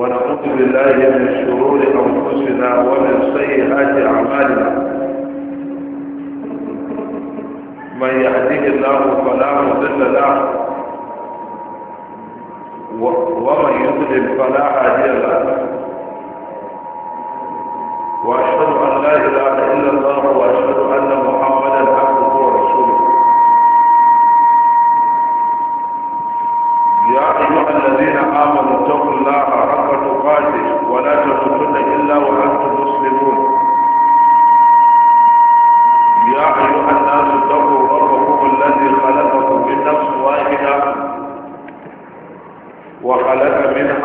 ونعوذ بالله من شرور أنفسنا ومن سيئات أعمالنا من يهديه الله فلا مضل له ومن يضلل فلا هادي له وأشهد أن لا إله إلا الله وأشهد أن محمدا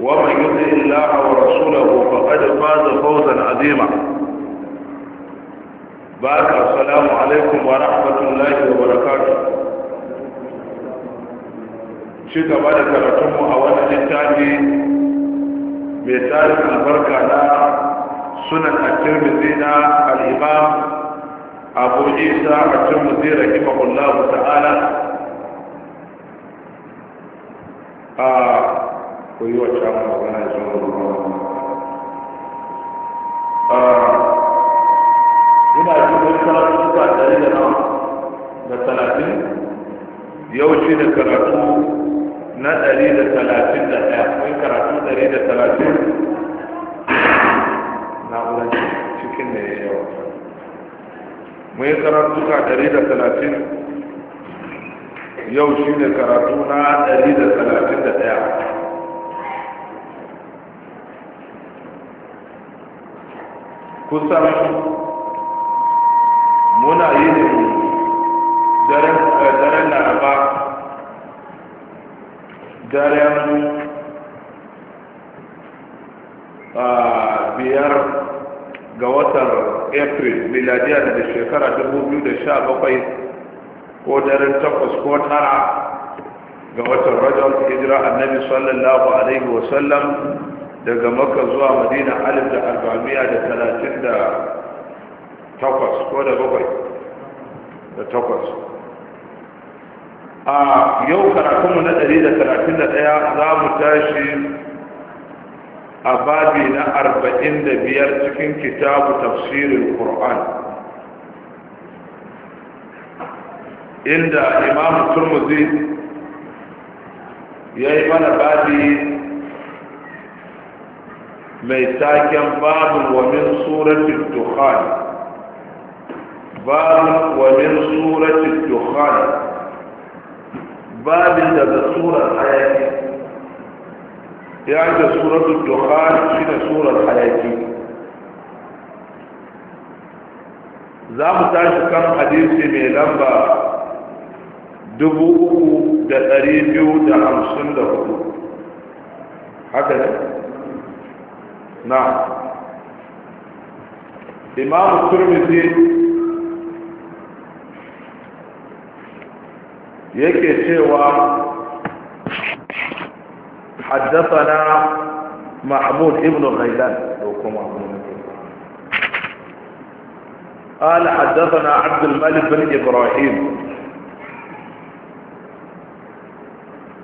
ومن يطع الله ورسوله فقد فاز فوزا عظيما بارك السلام عليكم ورحمه الله وبركاته ci gaba da karatunmu a wani littafi mai tarin albarka na sunan al-tirmidhi na al-imam abu isa al-tirmidhi rahimahullahu ta'ala ko yi wa shamu magana ya zuwa ruwa ina ji wani karatu suka ɗari da nawa da talatin yau shi da karatu na ɗari da talatin da ɗaya akwai karatu ɗari da talatin na wurin cikin da ya yawa mun yi karatu ka ɗari da talatin yau shi ne karatu na ɗari da talatin da ɗaya kusan muna yin daren eh, laraba daren ah, biyar ga watan april miladiya da shekara 2017 ko daren takwas ko tara ga watan rajon hijira annabi sallallahu alaihi wasallam daga maka zuwa madina alif da arba'amiya da talatin da takwas ko da bakwai da takwas a yau karatunmu na ɗari da talatin da ɗaya za mu tashi a babi na arba'in da biyar cikin kitabu tafsirin ƙur'an inda imamu turmuzi ya yi mana babi ميتاكم باب ومن سورة الدخان باب ومن سورة الدخان باب ده سورة الحياة يعني سورة الدخان شنا سورة الحياة زام تاج كم حديث من لمبا دبوء ده قريب ده حمسن ده هكذا نعم إمام الترمذي يكي cewa حدثنا محمود ابن غيلان قال حدثنا عبد الملك بن إبراهيم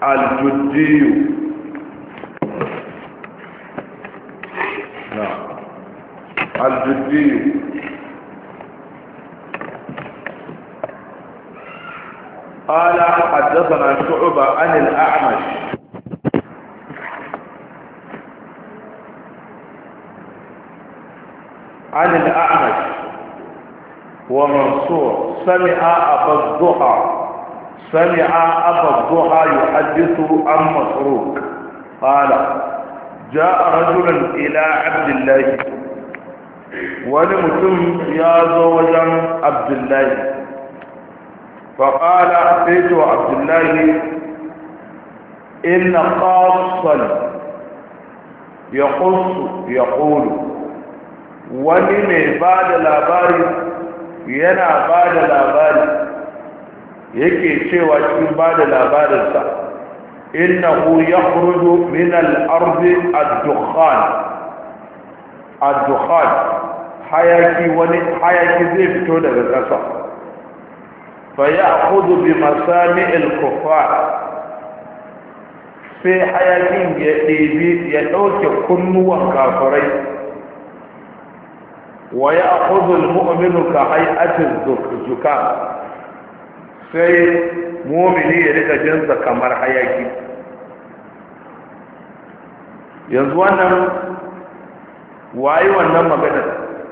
الجدي الدين قال حدثنا شعبة عن الأعمش عن الأعمش ومنصور سمع أبا الضحى سمع أبا الضحى يحدث عن مسروق قال جاء رجل إلى عبد الله wani mutum ya zo wajen abdullahi faƙala sai to abdullahi inna ƙasar ya ƙunsu ya ƙoru wani mai ba da labari yana ba da labari yake cewa cikin ba da labarinsa ku ya min al-ardi ad-dukhan ad-dukhan hayaki wani hayaki zai fito daga ƙasa fa ya'khudhu bi al kuffar sai hayakin ya ɗebi ya ɗauke kunnuwan kafirai wa ya ya'khudhu al-mu'minu ka hay'ati az sai mu'mini ya rika jinsa kamar hayaki yanzu wannan waye wannan maganar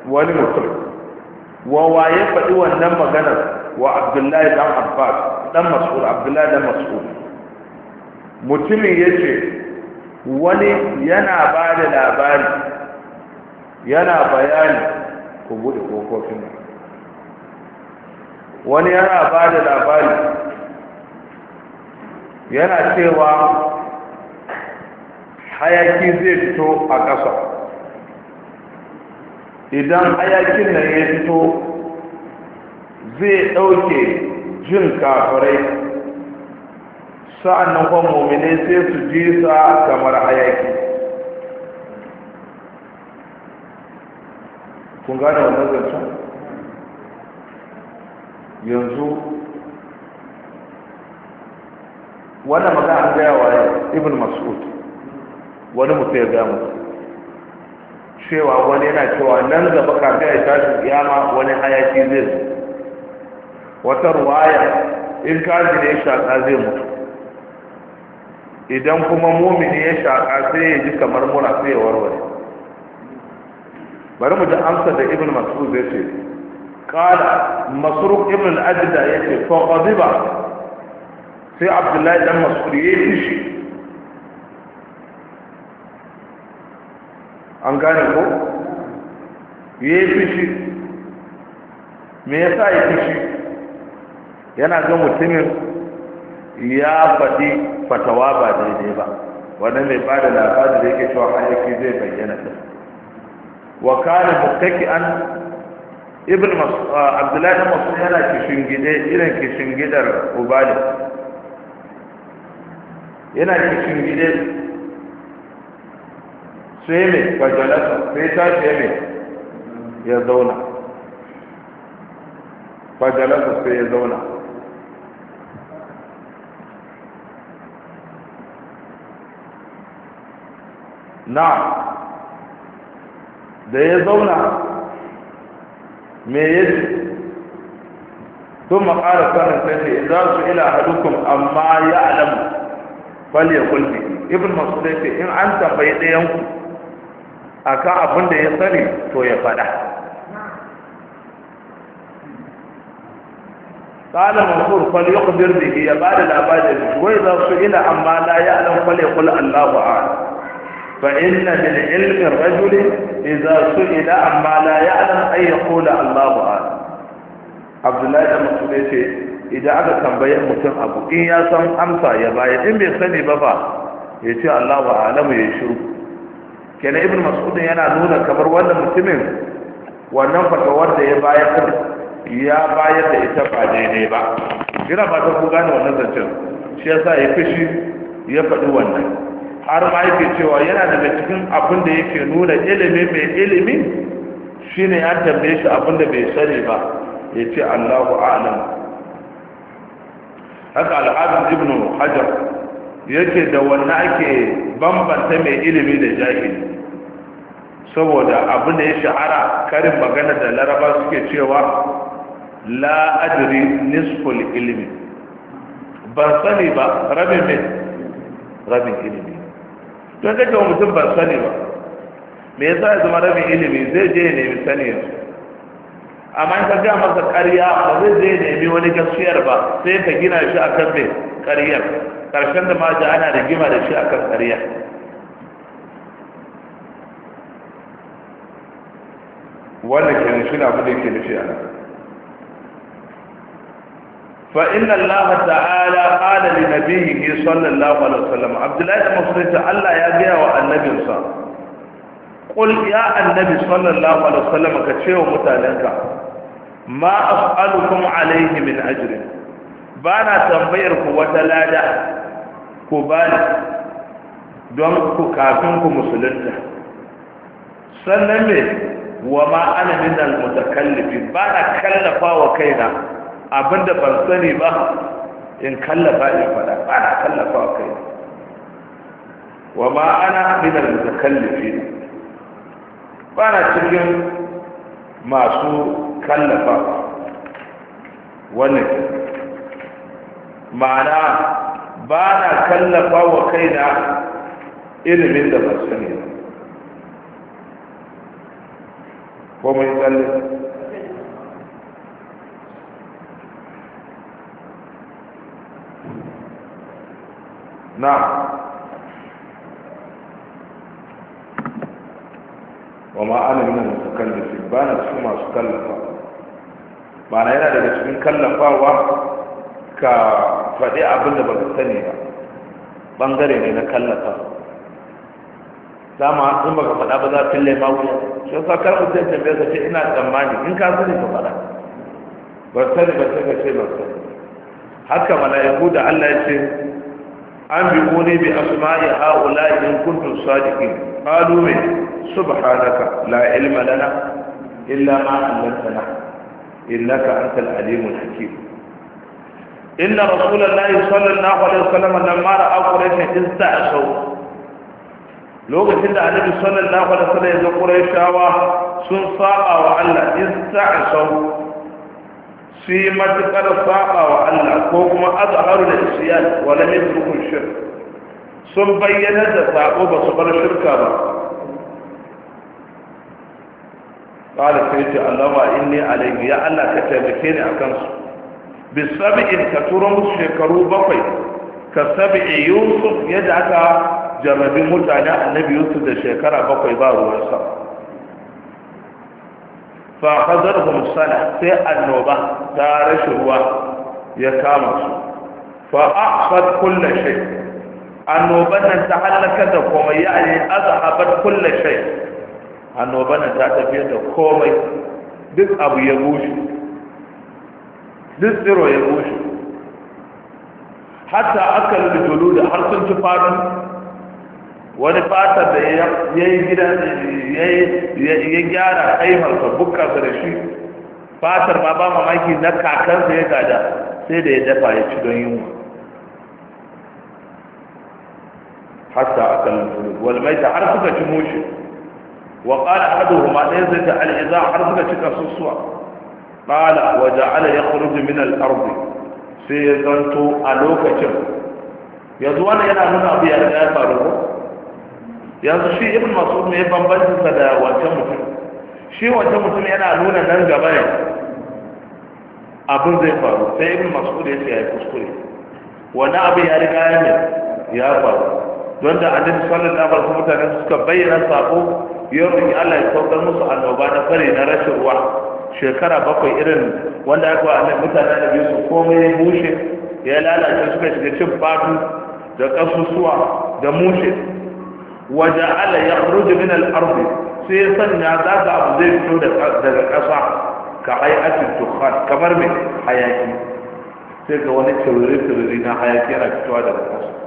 wani mutum wa waye faɗi wannan maganar wa abdullahi dan abbas dan mas'ud abdullahi dan mas'ud mutumin yace wani yana ba da labari yana bayani ku buɗe kofofin wani yana ba da labari yana cewa hayaki zai fito a ƙasa idan hayakin nan ya fito zai ɗauke jin kafirai sa'annan kwan mummune sai su ji sa kamar hayaki kun gane wannan zancen yanzu wannan magana an gaya wa ibn mas'ud wani mutu ya gaya mutu cewa wani yana cewa nan gaba kafin ya tashi kiyama wani hayaki zai zo wata ruwaya in kaji ne shaƙa zai mutu idan kuma mumini ya shaƙa sai ya ji kamar mura sai ya warware bari mu ji amsa da ibn masu zai ce qala masu ibn al'adida ya ce fa sai abdullahi dan masu ya fishi an gane ko ya yi fushi me ya sa ya fushi yana ga mutumin ya faɗi fatawa ba daidai ba wanda mai ba da labarin da yake cewa hayaki zai bayyana ta wa kare muttaki an ibn abdullahi masu yana kishin gida, irin kishin gidar ubali yana kishin gida. sai mai fajalasa sai ta ce mai ya zauna fajalasa sai ya zauna na da ya zauna me ya ce sun makara sanin sai ce za su ila hadukun amma ya alamu fal ya kulbi ibn masu ce in an tambayi ɗayanku kan abin da ya sani to ya faɗa qala mansur ya yuqdir bihi ya da labari wai za su da amma la ya'lam fal yaqul Allahu a'lam fa inna bil ilmi ar-rajul idza su'ila amma la ya'lam ay yaqul Allahu a'lam Abdullahi da Masud ce, idan aka tambaye mutum abu in ya san amsa ya bayar in bai sani ba ba? fa yace Allahu a'lamu ya shiru kenan ibn mas'ud yana nuna kamar wannan mutumin wannan fatawar da ya bayar ya bayar da ita ba daidai ba ina ba ta ku gane wannan zancen shi yasa ya fishi ya faɗi wannan har ma yake cewa yana daga cikin abin da yake nuna ilimi mai ilimi shine an tambaye shi abin da bai sani ba ya ce Allahu a'lam haka al'adun ibnu hajar yake da wannan ake bambanta mai ilimi da jahili saboda abu ne ya shahara karin magana da laraba suke cewa la adri nisful ilimi ban sani ba rabin mai rabin ilimi don kake mutum ban sani ba me yasa ya zama rabin ilimi zai je ya nemi sani yanzu amma in ka ga masa ƙarya ba zai zai nemi wani gaskiyar ba sai ka gina shi akan mai ƙaryar Ƙarshen da ma ana rigima da shi akan ƙaryar wannan kenan shi na abu da yake nufi a nan فإن الله تعالى قال لنبيه صلى الله عليه وسلم Abdullahi da بن مسعود الله يا جيا والنبي قل يا النبي صلى الله عليه وسلم كتشيو متالنكا ma as'alukum alaihi min ajrin ba na tambayar ku wata lada ku ba don ku kafin ku musulunta sannan me wa ma ana min almutakallifi ba na kallafa wa kaina abinda ban sani ba in kallafa in fada ba na kallafa wa kaina wa ma ana min almutakallifi ba na cikin masu kallafa wannan ma'ana ba na kallafa wa kaina ilimin da ba sani ko mai tsalle na wa ma'ana min al-mutakallifi ba na cikin masu kallafa ba na yana daga cikin kallafawa ka faɗi abin da ba ka sani ba bangare ne na kallafa dama in baka faɗa ba za fille ma wuya shi yasa kar mutum tambaye ka ce ina tsammani in ka sani ka faɗa ba sani ba sai ka ce ba sani haka mala'iku da Allah ya ce an bi ne bi asma'i ha'ula in kuntum sadiqin qalu mai سبحانك لا علم لنا إلا ما علمتنا إنك أنت العليم الحكيم إن رسول الله صلى الله عليه وسلم لما رأى قريش استعصوا لوغ سيدنا النبي صلى الله عليه وسلم يقول قريش و سن صاقا وعلا استعصوا في متكر صاقا وعلا كوكما أظهر الإسيان ولم يتركوا الشرك ثم بينت صاقوبة صبر الشركة بقى. qala sai ce allahumma inni alayhi ya allah ka taimake ni a kansu. bi sab'in ka turo musu shekaru bakwai ka sab'i yusuf yadda aka jarrabi mutane annabi yusuf da shekara bakwai ba ruwansa fa hadarhum sana sai annoba ta rashin ruwa ya kama su fa ahfad kullu shay annoban nan ta halaka da komai, kuma yani azhabat kullu shay annoba ta tafiyar da komai duk abu ya bushe duk tsiro ya bushe hatta aka lulu da har sun ci fadon wani fatar da ya yi gida ya gyara haimarsa bukkarsa da shi fatar ma ba mamaki na kakansa ya gada sai da ya dafa ya ci don yunwa hatta a kan wal maita har suka ci mushi wa qala ahaduhuma dai zai ta al'iza har suka cika sussuwa qala wa ja'ala yakhruju min al-ard sai ya zanto a lokacin yanzu wani yana nuna abu ya ya faru yanzu shi ibn masu ne bambancin sa da wancan mutum shi wancan mutum yana nuna nan gaba ne abin zai faru sai ibn mas'ud ya ce ya kuskure wani abu ya riga ya ne ya faru don da annabi sallallahu alaihi wasallam mutane suka bayyana sako ya roƙi Allah ya saukar musu annoba na fare na rashin ruwa shekara bakwai irin wanda aka wa mutane da biyu su komai ya bushe ya lalace suka shiga cin fatu da kasusuwa da mushe waje Allah ya ruje min al'arbi sai ya sanya za ka abu zai fito daga ƙasa ka hayatin dukkan kamar mai hayaki sai ga wani tururi tururi na hayaki yana fitowa daga ƙasa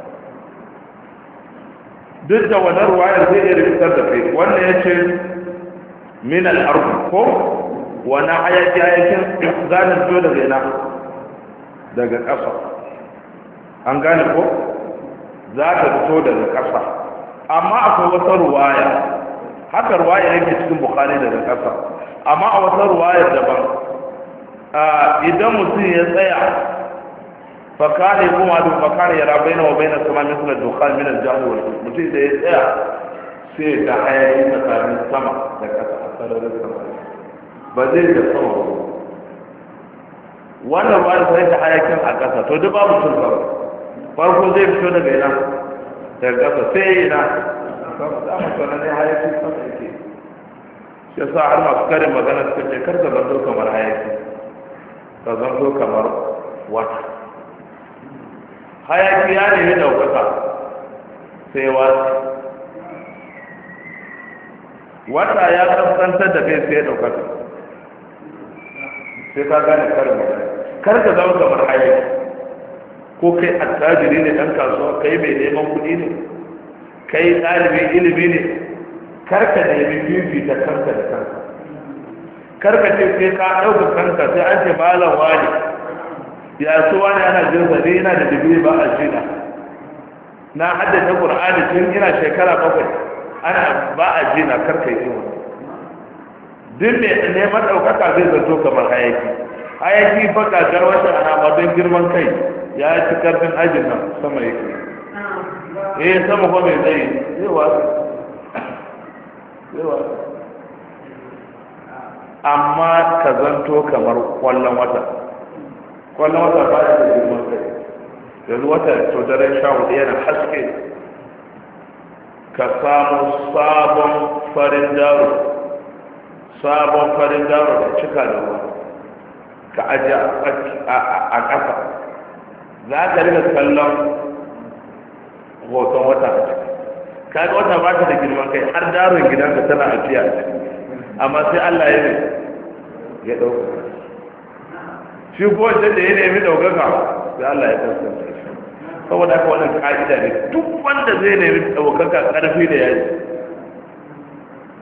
duk da wani ruwayar zai iya rikitar da kai wannan ya ce min al'arku ko wani hayaki hayakin zanen zo daga na daga ƙasa an gane ko za ta fito daga ƙasa amma akwai wata ruwaya haka ruwaya yake cikin bukari daga ƙasa amma a wata ruwaya daban idan mutum ya tsaya فكان يقوم هذا فكان يرى بينه وبين السماء مثل الدخان من الجهل والكفر متى اذا سير تحيا انت تعالى من السماء لك اتحصل الى السماء بدل السماء وانا وانا سير تحيا كم اكاسا تجب ابو سلطان فرقو زي بشونا بينا تلقاسا سيئنا فرقو زي حياة السماء شو صار ما فكر ما كانت كتير كرت بدل كمر حياة كمر وقت hayaki ya nemi ɗaukaka sai wata wata ya kasantar da kai sai ya ɗaukaka. sai ka gane karin magana kar ka zama kamar hayaki ko kai attajiri ne dan kasuwa kai mai neman kuɗi ne kai ɗalibin ilimi ne kar ka nemi fifita kanka da kanka kar ka ce sai ka ɗauka kanka sai an ce malam wani ya so wani ana jin ne yana da digiri ba a jina? na haddace qur'ani tun ina shekara bakwai ana ba a jina karka yi wani duk mai neman ɗaukaka zai zato kamar hayaki hayaki baka garwashin ana don girman kai ya ci karfin ajin nan sama yake eh sama ko mai zai wasu Yawa? amma ka zanto kamar kwallon wata kwallon wata ba shi da girman kai yanzu wata to daren sha hudu yana haske ka samu sabon farin daro sabon farin daro da cika da ruwa ka aje a ƙasa za ka rika kallon hoton wata ka ga wata ba ta da girman kai har daron da tana ajiya amma sai allah ya ne ya ɗauka shi ko wanda da ya nemi ɗaukaka sai Allah ya kasance saboda haka wannan ka'ida ne duk wanda zai nemi ɗaukaka ƙarfi da yaji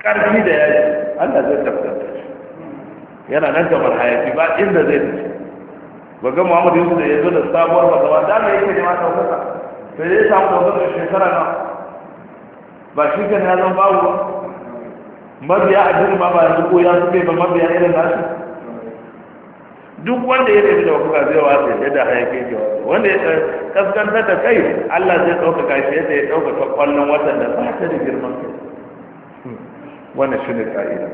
ƙarfi da yaji Allah zai tabbata shi yana nan kamar hayaki ba inda zai tafi ba ga Muhammad Yusuf da ya zo da sabuwar fatawa da mai yake nema ɗaukaka sai ya samu ɗaukaka shekara na ba shi kan ya zan babu mabiya a jirgin ba yanzu ko ya zube ba mabiya irin nasu duk wanda ya tafi da kuka zai wasa yadda hayakin ke wasa wanda ya eh, kaskanta da kai Allah zai ɗaukaka shi yadda ya ɗaukaka kwallon watan da ba ta da girman kai hmm. wanda shi ne ka'ida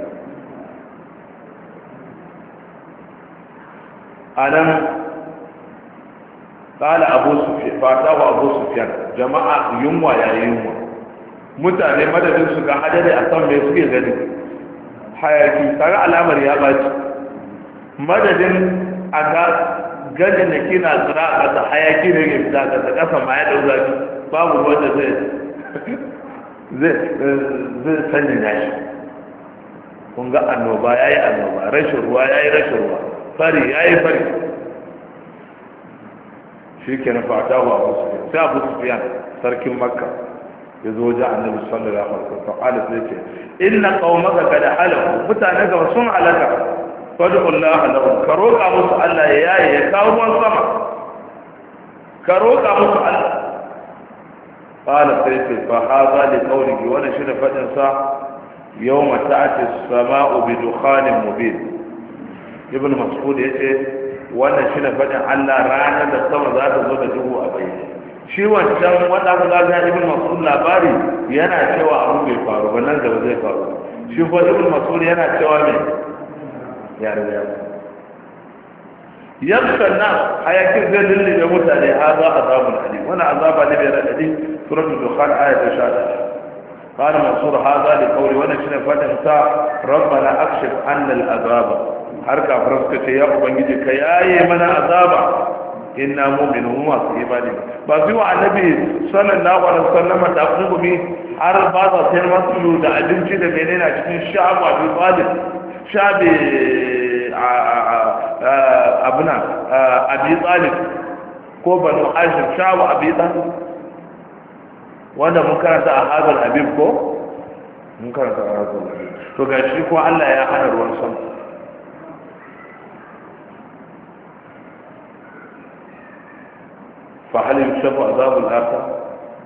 a nan tsala abu sufiyan fatawa abu sufiyan jama'a yunwa ya yi yunwa mutane madadin su ga hadari a san mai suke gani hayaki tare alamar ya ɓaci madadin a ga gajin da kina tsira a ƙasa hayaki ne ke fita ƙasa ƙasa ma ya ɗau zafi babu wanda zai zai sanya shi. kun ga annoba ya yi annoba rashin ruwa ya yi rashin ruwa fari ya yi fari shi ke na fata wa abu sufiyan sai abu su fiya sarkin makka ya zo wajen annabi sallallahu alaihi wasallam fa qala sai ce inna qaumaka kada halaku mutane ga sun halaka fad'ullah lahum ka roƙa musu Allah ya yaye ya kawo ruwan sama ka roƙa musu Allah qala sai ce fa hadha li qawlihi wa shine fadin sa yau ta'ati as-sama'u bi dukhanin mubin ibn ya ce wannan shine faɗin Allah ranar da sama za ta zo da duhu a bayyane shi wancan wanda ku ga ibn mas'ud labari yana cewa abu bai faru ba nan gaba zai faru shi ko ibn mas'ud yana cewa mai. ya riga yankan na hayakin zai lullube mutane ha za a zamun ali wani azaba ne bai raɗaɗi suratul dukhan aya ta sha قال منصور هذا لقول وانا شنو فدنسا ربنا اكشف عنا العذاب har kafirar suka ce ya ubangiji ka yaye mana azaba inna mumin mu masu imani ba su ba wa annabi sallallahu alaihi wasallam da kuma har ba za su yi masu da abinci da menene a cikin sha'abu abin talib shabe abuna abi ko banu ashir shabu abi talib wanda mun karanta a hazal habib ko mun karanta a hazal habib to ga shi ko Allah ya hana ruwan sama fa halin hal azabun azabul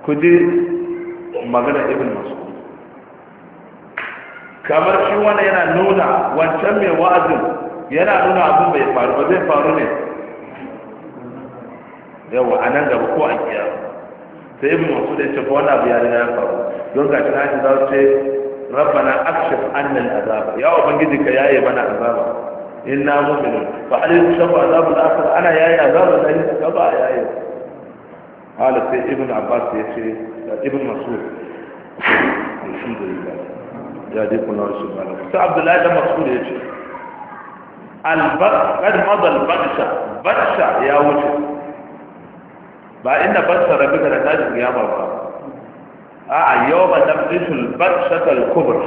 Ku kudi magana ibn mas'ud kamar shi wani yana nuna wancan mai wa'azin yana nuna abin bai faru ba zai faru ne yawa a nan gaba ko a kiya sai mu wasu da ce ko wani abu yare ya faru don ga shi nashi za su ce rabbana akshif annal azaba ya ubangiji ka yaye mana azaba inna mu'minun fa alayhi shafa azabul akhir ana yaye azabul akhir ka ba yaye hala sai ibn abbas ya ce da mas'ud alhamdulillah ya dai kuna wasu bala ta abdullahi dan mas'ud ya ce albar madal badsha badsha ya wuce ba inda barsa rabi da tashi ya ba a'a yau ba tabdishul barsa ta kubur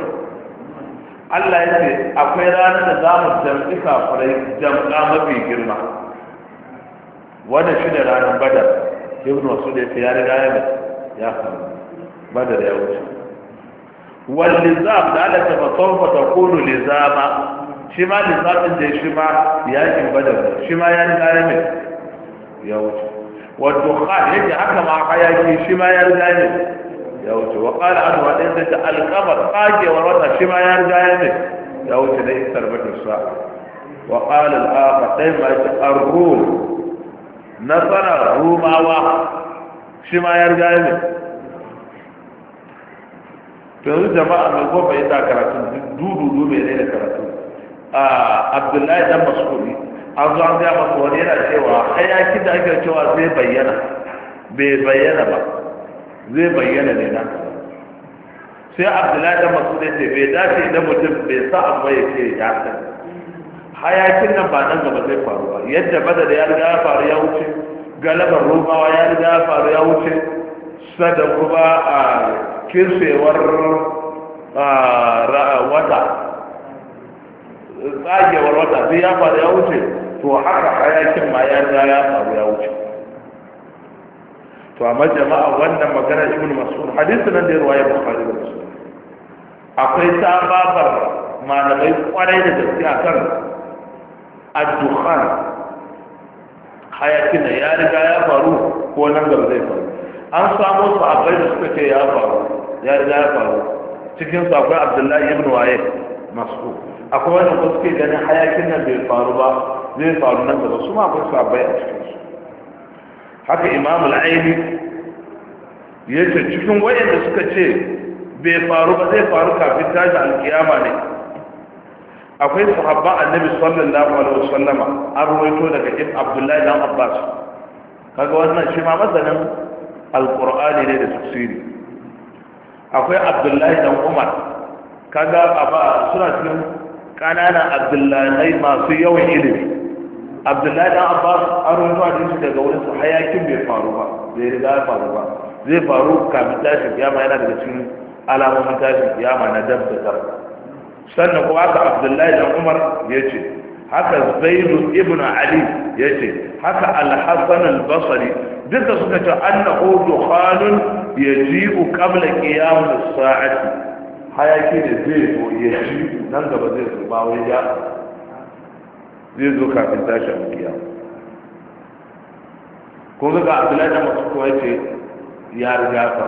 Allah ya ce akwai ranar da za mu jam'i kafirai jam'a mafi girma wannan shi ne ranar badar ibn wasu da ya fi yare gaya ya faru badar ya wuce واللزام لا لتبطوف تقول لزاما شما لزام دي شما يأتي بدل شما يعني قائمة يا وجه والدخان يجي حكا مع حياتي شما يعني قائمة يا وجه وقال عنه أنت القمر قاجي ورد شما يعني قائمة يا وجه ليس البدر الساعة وقال الآخر طيب الروم نصر روماوة شما يعني قائمة to yanzu jama'a mai ya yana karatu dudu mai ne da karatu a abdullahi dan masudi an zo an gaya masa wani yana cewa hayaki da ake cewa zai bayyana bai bayyana ba zai bayyana ne na sai abdullahi dan masudi ce bai dace idan mutum bai sa amma ya ce ya san hayakin nan ba nan gaba zai faru ba yadda bada da ya riga ya faru ya wuce galabar romawa ya riga ya faru ya wuce sadan kuma a kirsewar wata tsagewar wata sai ya faru ya wuce to haka hayakin ma ya za ya faru ya wuce to amma jama'a wannan magana ibn mas'ud hadisi nan da ruwaya bukhari da muslim akwai sababar malamai kwarai da gaske akan ad-dukhan hayakin ya riga ya faru ko nan gaba zai faru an samu sahabbai da suka ce ya faru ya ya faru cikin su akwai abdullahi ibn waye masu akwai wani ko suke ganin hayakin nan bai faru ba zai faru nan gaba su ma akwai sahabbai a cikin su haka imamu al'aini ya ce cikin wayanda suka ce bai faru ba zai faru kafin tashi alkiyama ne akwai sahabba annabi sallallahu alaihi wasallama an ruwaito daga ibn abdullahi dan abbas kaga wannan shi ma masanin alkur'ani ne da tafsiri akwai abdullahi dan umar kaga a suna cikin kananan abdullahi masu yawan ilimi abdullahi dan abbas an rubuta hadisi daga wurin su hayakin bai faru ba bai riga ya faru ba zai faru kafin tashin kiyama yana daga cikin alamomin tashin kiyama na dab da dab sannan kuma haka abdullahi dan umar ya ce haka zaidu ibn ali ya ce haka alhassan al-basri duk da suka ce annahu dukhanun yajibu qabla qiyam as-sa'ati hayaki da zai zo yaji nan gaba zai zo ba wai ya zai zo kafin tashin kiyama kun ga Abdullahi da masu kowa ce ya riga ka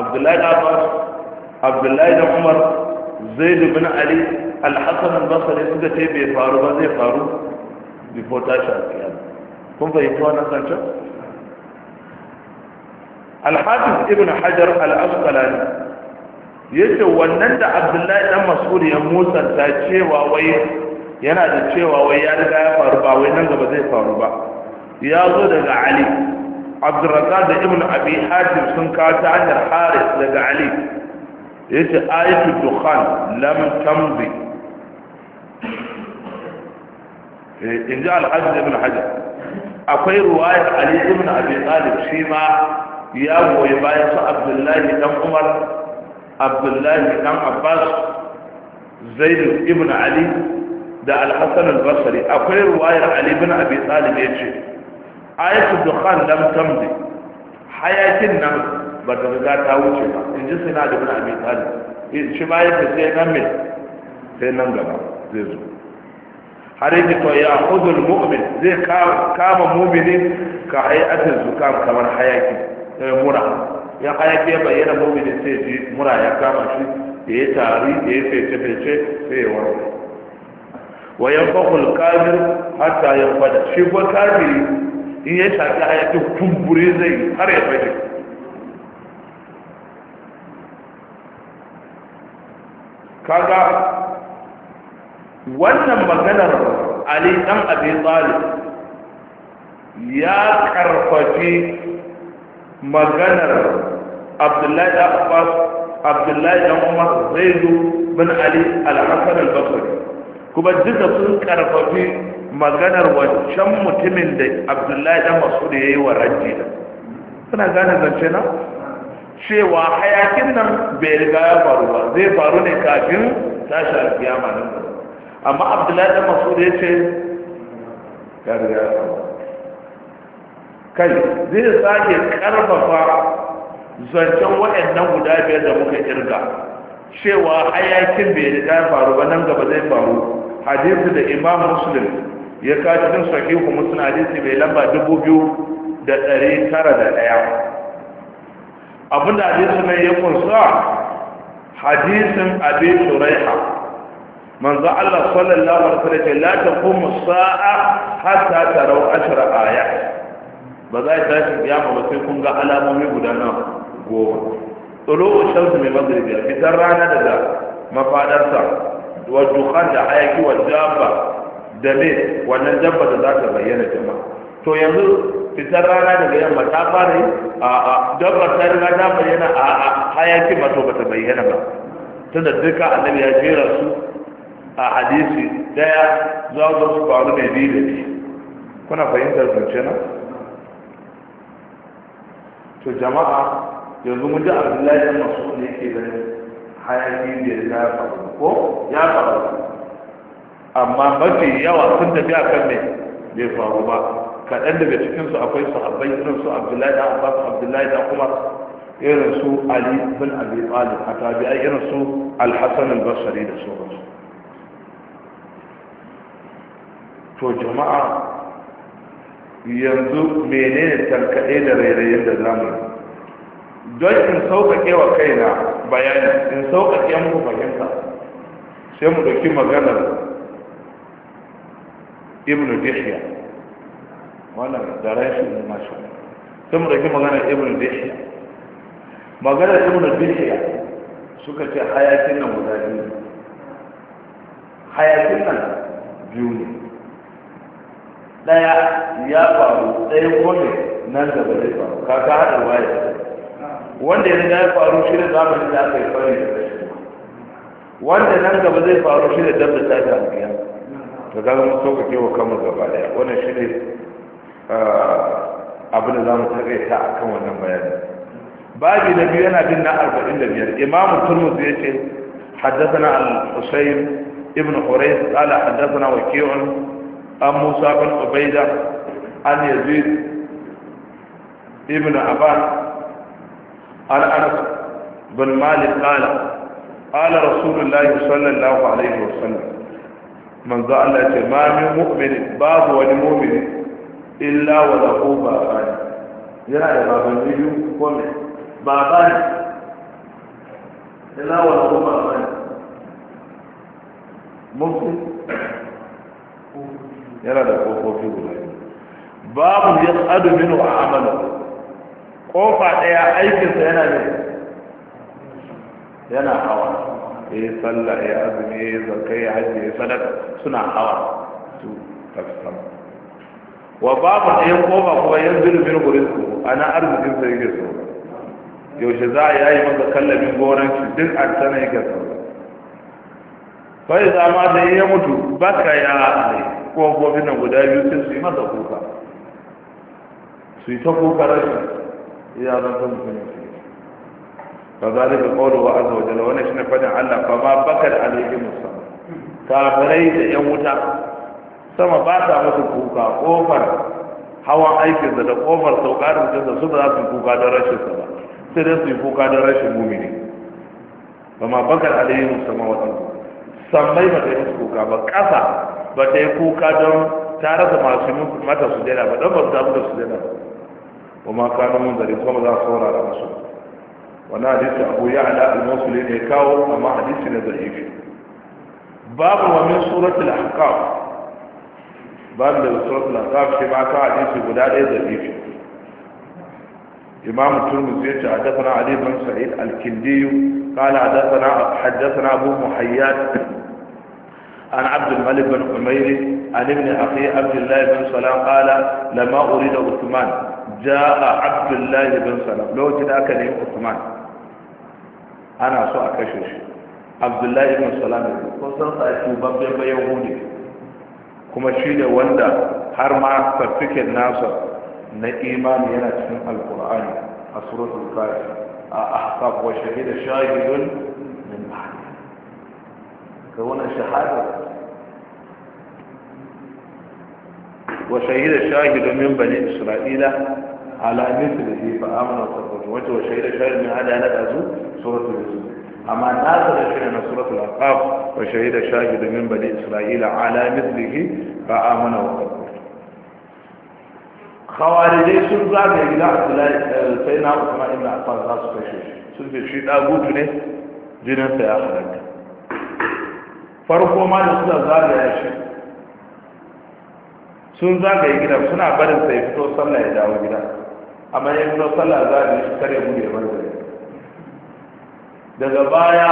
Abdullahi da Abbas Abdullahi da Umar Zaid bin Ali Al-Hasan al-Basri suka ce bai faru ba zai faru before tashin kiyama kun fahimta wannan zancen alhafiz ibn hajar al ya ce wannan da abdullahi dan mas'ud ya musanta cewa wai yana da cewa wai ya riga ya faru ba wai nan gaba zai faru ba ya zo daga ali abdurrazzaq da ibn abi hatim sun kawo ta hanyar haris daga ali yace ayatu dukhan lam tamdi eh, in ji alhaji ibn hajar akwai ruwayar ali ibn abi talib shi ma ya goyi bayan su abdullahi dan umar abdullahi dan abbas zaid ibn ali da al-hasan al-basri akwai ruwayar ali ibn abi talib yace ayatu dukhan lam tamdi hayakin nan ba da riga ta wuce ba in ji sai na da ibn abi talib shi ma yake sai nan me sai nan gaba zai zo har yake to ya khudul mu'min zai kama mu'mini ka hayatin zukam kamar hayaki Eh, mura ya hayaki ya bayyana da sai ji mura ya kama shi da ya tari da ya fece fece sai ya waro wa yanfahul kafir hatta yanfada shi ko kafiri in ya shafi hayaki kumbure zai har ya fage kaga wannan maganar ali dan abi talib ya karfafi maganar abdullahi da abbas abdullahi da umar zaidu bin ali al al-basri kuma duka sun karfafi maganar wancan mutumin da abdullahi da da ya yi wa ranji da suna gane zance na cewa hayakin nan bai riga ya faru ba zai faru ne kafin tashi alkiyama nan amma abdullahi da da ya ce ya riga ya faru kai zai sake karfafa zancen waɗannan guda biyar da muka kirga cewa hayakin bai riga faru ba nan gaba zai faru hadisi da imam muslim ya kaji din sahihu muslim hadisi mai lamba dubu biyu da ɗari tara da ɗaya abinda hadisi mai ya kunsa hadisin abi suraiha manzo Allah sallallahu alaihi sallam la taqumu sa'a hatta taraw ashra ayat ba za a tashi ya ba sai kun ga alamomi guda na goma tsoro shamsu mai magribiya fitar rana daga mafadarsa wa dukkan da hayaki wa Jabba da ne wannan dabba da za ta bayyana jama to yanzu fitar rana daga yamma ta fara yi a a dabbar ta riga ta bayyana a a hayaki ba to ba ta bayyana ba tunda duka annabi ya jera su a hadisi daya za su faru mai biyu da biyu kuna fahimtar zuciya na to jama'a yanzu mun ji abdullahi dan masu ne ke da hayaki da ya faru ko ya faru amma mafi yawa sun tafi akan mai bai faru ba kaɗan daga cikinsu akwai sahabbai irin su abdullahi da abbas abdullahi da kuma irin su ali bin abi talib a tabi'ai irin su al-hasan al-basri da sauransu to jama'a yanzu menene tarkaɗe da rairayen da zamu don in sauƙaƙe wa kaina bayani in sauƙaƙe muku fahimta sai mu ɗauki maganar ibn dihya wannan da rashin mashi sai mu ɗauki maganar ibn dihya maganar ibn dihya suka ce hayakin nan guda biyu hayakin nan biyu ne ɗaya ya faru ɗaya kone nan gaba zai faru kaka haɗa waya wanda ya riga ya faru shi da zamanin da aka yi fari da rashin wanda nan gaba zai faru shi da dabda ta ta biya to za mu sauƙaƙe wa kanmu gaba daya wannan shi ne abin da za mu takaita a kan wannan bayani babi na biyu yana bin na arba'in da biyar imamu turmus ya ce husayn Ibn ابن حريث قال حدثنا وكيع عن موسى بن عبيدة عن يزيد ابن abbas عن أنس بن مالك قال قال رسول الله صلى الله عليه وسلم من ذا الله ما من مؤمن باب ولمؤمن إلا وله بابان يا بابان يجو قومي بابان إلا وله بابان مؤمن yana da kofofi guda babu ya tsadu minu a amalu kofa ɗaya aikinsa yana ne yana hawa ya eh, yi sallah ya eh, azumi ya eh, yi zarka ya hajji ya sadaka suna hawa su tafsam wa babu ɗayan kofa kuma zuru minu gurin su ana arzikin sa yake so yaushe za a yayi masa kallabin shi duk a sana yake so fa iza ma da ya mutu baka ya alai ko nan guda biyu sai su yi masa kuka su yi ta kuka rashin ya zan san mutum ya shiga fa zalika kawo wa azza da wani shi na fadin Allah ba ma bakar alaikin musa kafirai da yan wuta sama ba ta musu kuka kofar hawan aikin da kofar saukar da su ba za su kuka da rashin sa ba sai dai su yi kuka da rashin ne ba ma bakar musa ma wata sammai ba ta yi musu kuka ba ƙasa ba ta yi kuka don ta rasa masu mata su daina ba don ba su damu da su daina ba ma kanu mun zari kuma za su saurara masu. wani hadisi abu ya ala al-musuli ne kawo amma hadisi na zaifi babu wa min suratul ahqaf babu da suratul ahqaf shi ma ka hadisi guda ɗaya zaifi إمام الترمذي حدثنا علي بن سعيد الكندي قال حدثنا حدثنا أبو محيان عن عبد الملك بن حمير عن ابن أخي عبد الله بن سلام قال لما أريد عثمان جاء عبد الله بن سلام لو تدعك نيم عثمان أنا سوء كشش عبد الله بن سلام وصلت أتوبا بين يهودي kuma shi ne wanda har ma fafikin nasa na imani yana cikin alkur'ani a suratul kafi a ahqaf wa shahida shahidun min ba'd كون الشهادة وشهيد الشاهد من بني إسرائيل على مثله فآمن وتفوت وشهيد الشاهد من هذا أنا أزو سورة الإسلام أما نازل شيئا سورة الأقاف وشهيد الشاهد من بني إسرائيل على مثله فآمن وتفوت خوارجي sun zagaye gida sai na usman ibn affan za su kashe sun ce shi dagutu ne farko ma da suna zagaya shi sun zagaye gida suna barin sai fito sallah ya dawo gida amma ya fito sallah zagaye shi kare bude bar gari daga baya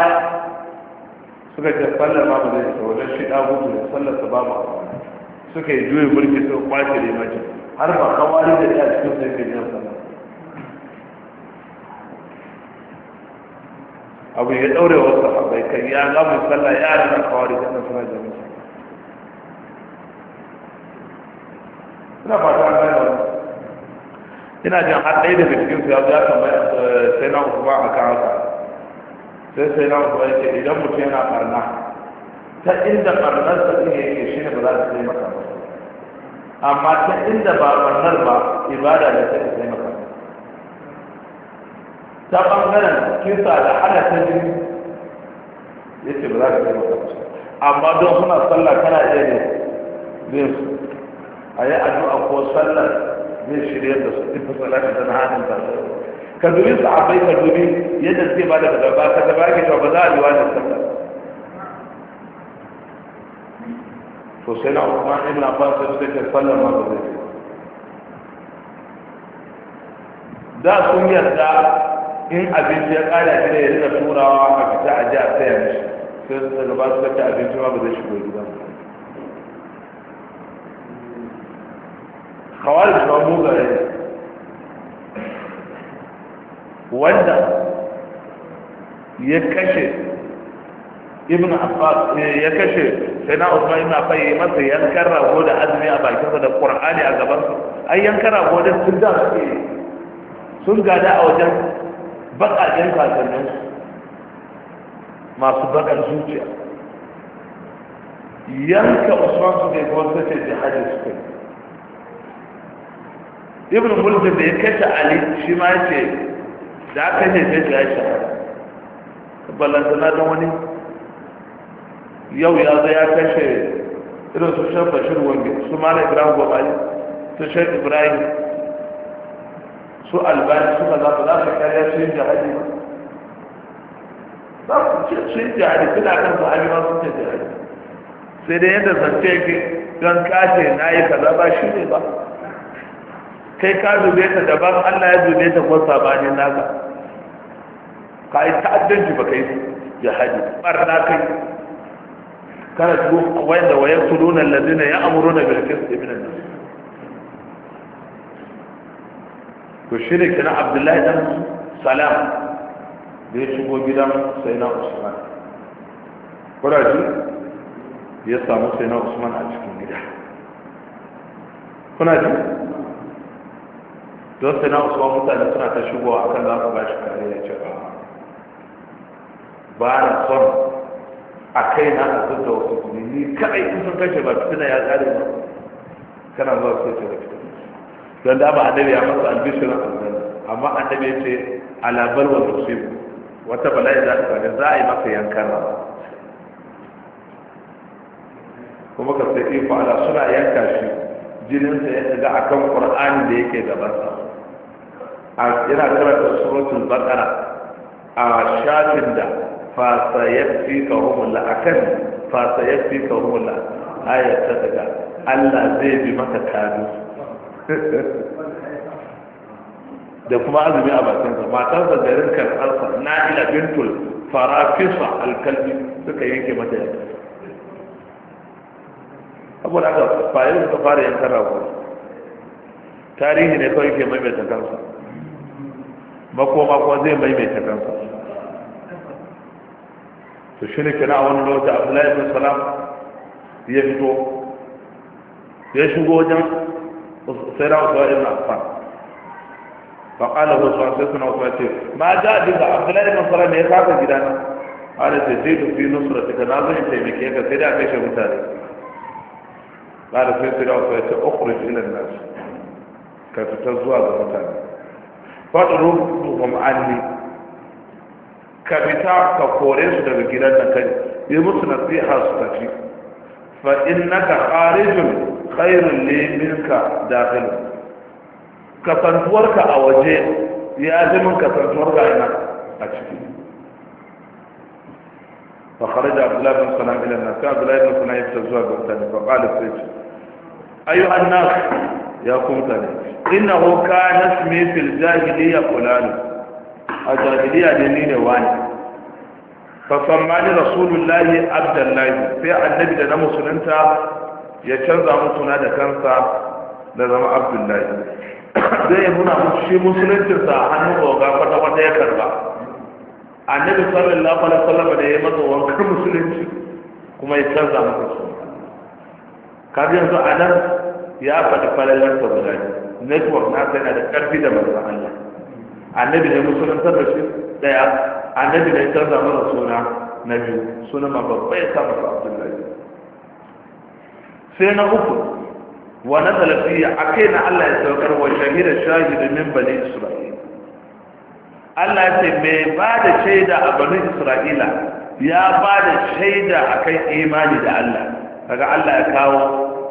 suka ce sallah ma zai ta wajen shi gudu da sallar ta ba ma suka yi juyin mulki sun kwashe da imajin har ba kawai da ya cikin sai ke yin sallah abu ya daure wa sahabbai kai ya ga mai sallah ya rika kawari da nan suna jami'a ina fata an gane wannan ina jin har ɗaya daga cikin su ya zo ya tambaya sai na usman akan haka sai sai na usman yake idan mutum yana barna ta inda barnar sa ɗin yake shi ne ba za ta taimaka ba amma ta inda ba barnar ba ibada da ta taimaka ta ɓangaren kisa da hana ta jini ya ce ba za ka taimaka musu amma don suna sallah kana iya ne zai su a yi addu'a ko sallah, zai shirya da su ɗin fasala da na hannun ba ka dubi su abai ka dubi yadda suke ba da gaba ka gaba ke cewa ba za a yi wa da sallar to sai na kuma ina abbas sai suka ce sallar ma ba zai da sun yarda in abinci ya shi gida ya rika turawa a fita a ji a saya mishi sai su daga ba su kacce abinci ma ba zai shigo gidan Kawar da mu gare wanda ya kashe ibn abbas eh, ya kashe sai na usman ibn abbas ya yi masa yankan rago da azumi a bakinsa da qur'ani a gaban ai yankan rago da sun da suke sun gada a wajen baƙaƙen kakanninsu masu baƙar zuciya yanka usman su ne kuma sace hajji su kai ibn mulkin da ya kashe ali shi ma ce da aka ne sai ya shahara ballantana don wani yau ya zo ya kashe irin su shan bashir wange su mala ibrahim gwamnati su shan ibrahim su albani suka za ba za su karya su yin jihadi ba za su ce su yin jihadi suna kan su hali ma sun ce jihadi sai dai yadda zance ke don kace na yi kaza ba shi ne ba kai ka dube ta daban allah ya dube ta ko sabanin naka ka yi ta'addanci ba kai jihadi barna kai kana su wanda wayan su nuna lalzina ya amuru na bilkis da minan nasu to shi na abdullahi dan salam da ya shigo gidan sai na usman kuraji ya samu sai na usman a cikin gida kuna ji don sai na usman mutane suna ta shigowa a kan zafi ba shi kare ya ce ba ah, ba na son a kai na a zuta wasu ni kadai kusan kashe ba fitina ya tsare ba kana zuwa sai ta da fitina don da ba annabi ya masa albishirin aljanna amma annabi ya ce alabar wa musibu wata bala'i za ta sami za a yi masa yankan rama kuma ka sai iko ala suna yanka shi jininsa ya shiga a kan ƙur'anin da yake gabansa yana karanta suratul baqara a shafin da fasa yafi ka humulla akan fasa yafi ka humulla ayat ta daga Allah zai bi maka kadu da kuma azumi a bakinsa matarsa da rinkar alfa na ila bintul farafisa alkalbi suka yanke mata yanka saboda haka bayan suka fara yankan rago tarihi ne kawai ke maimaita kansa makoma kuma zai maimaita kansa to shi ne kira wani lokaci abdullahi bin salam ya fito ya shigo wajen sai na wasu a affan faƙala wasu wasu suna wasu wace ma ja dinga abdullahi masara ne ya kafa gidana ana ce je da fi nusra ta na zo in taimake ka sai da a kashe mutane ƙara sai sai na wasu wace ukhrij ila nas ka fita zuwa ga mutane fadruhum anni ka fita ka kore su daga gidan nan kai yi musu nasiha su tafi fa innaka kharijun خير لي منك داخل كفنتورك اوجه يا زمن كفنتورك انا فخرج عبد الله بن سلام الى الناس عبد الله بن سلام يبتزوى بنتني فقال السيد ايها الناس يا كنتني انه كان اسمي في الجاهليه فلان الجاهليه دينيني واني فصماني رسول الله عبد الله في عن النبي ده مسلم ya canza mu suna da kansa da zama abdullahi zai yi nuna musu shi musuluncinsa a hannun oga kwata wata ya karba annabi sallallahu alaihi wasallam da ya mazo wankan musulunci kuma ya canza musu suna kaji yanzu a nan ya faɗi falalar sa guda network na sai na da ƙarfi da masu Allah annabi ne musulunta da shi ɗaya annabi ne canza masa suna na biyu suna ma babba ya sa masa abdullahi sai na uku wa na talafiya a kai na Allah ya saukar wa shahida shahida min bani Isra'ila Allah ya ce mai ba da shaida a bani Isra'ila ya ba da shaida a imani da Allah daga Allah ya kawo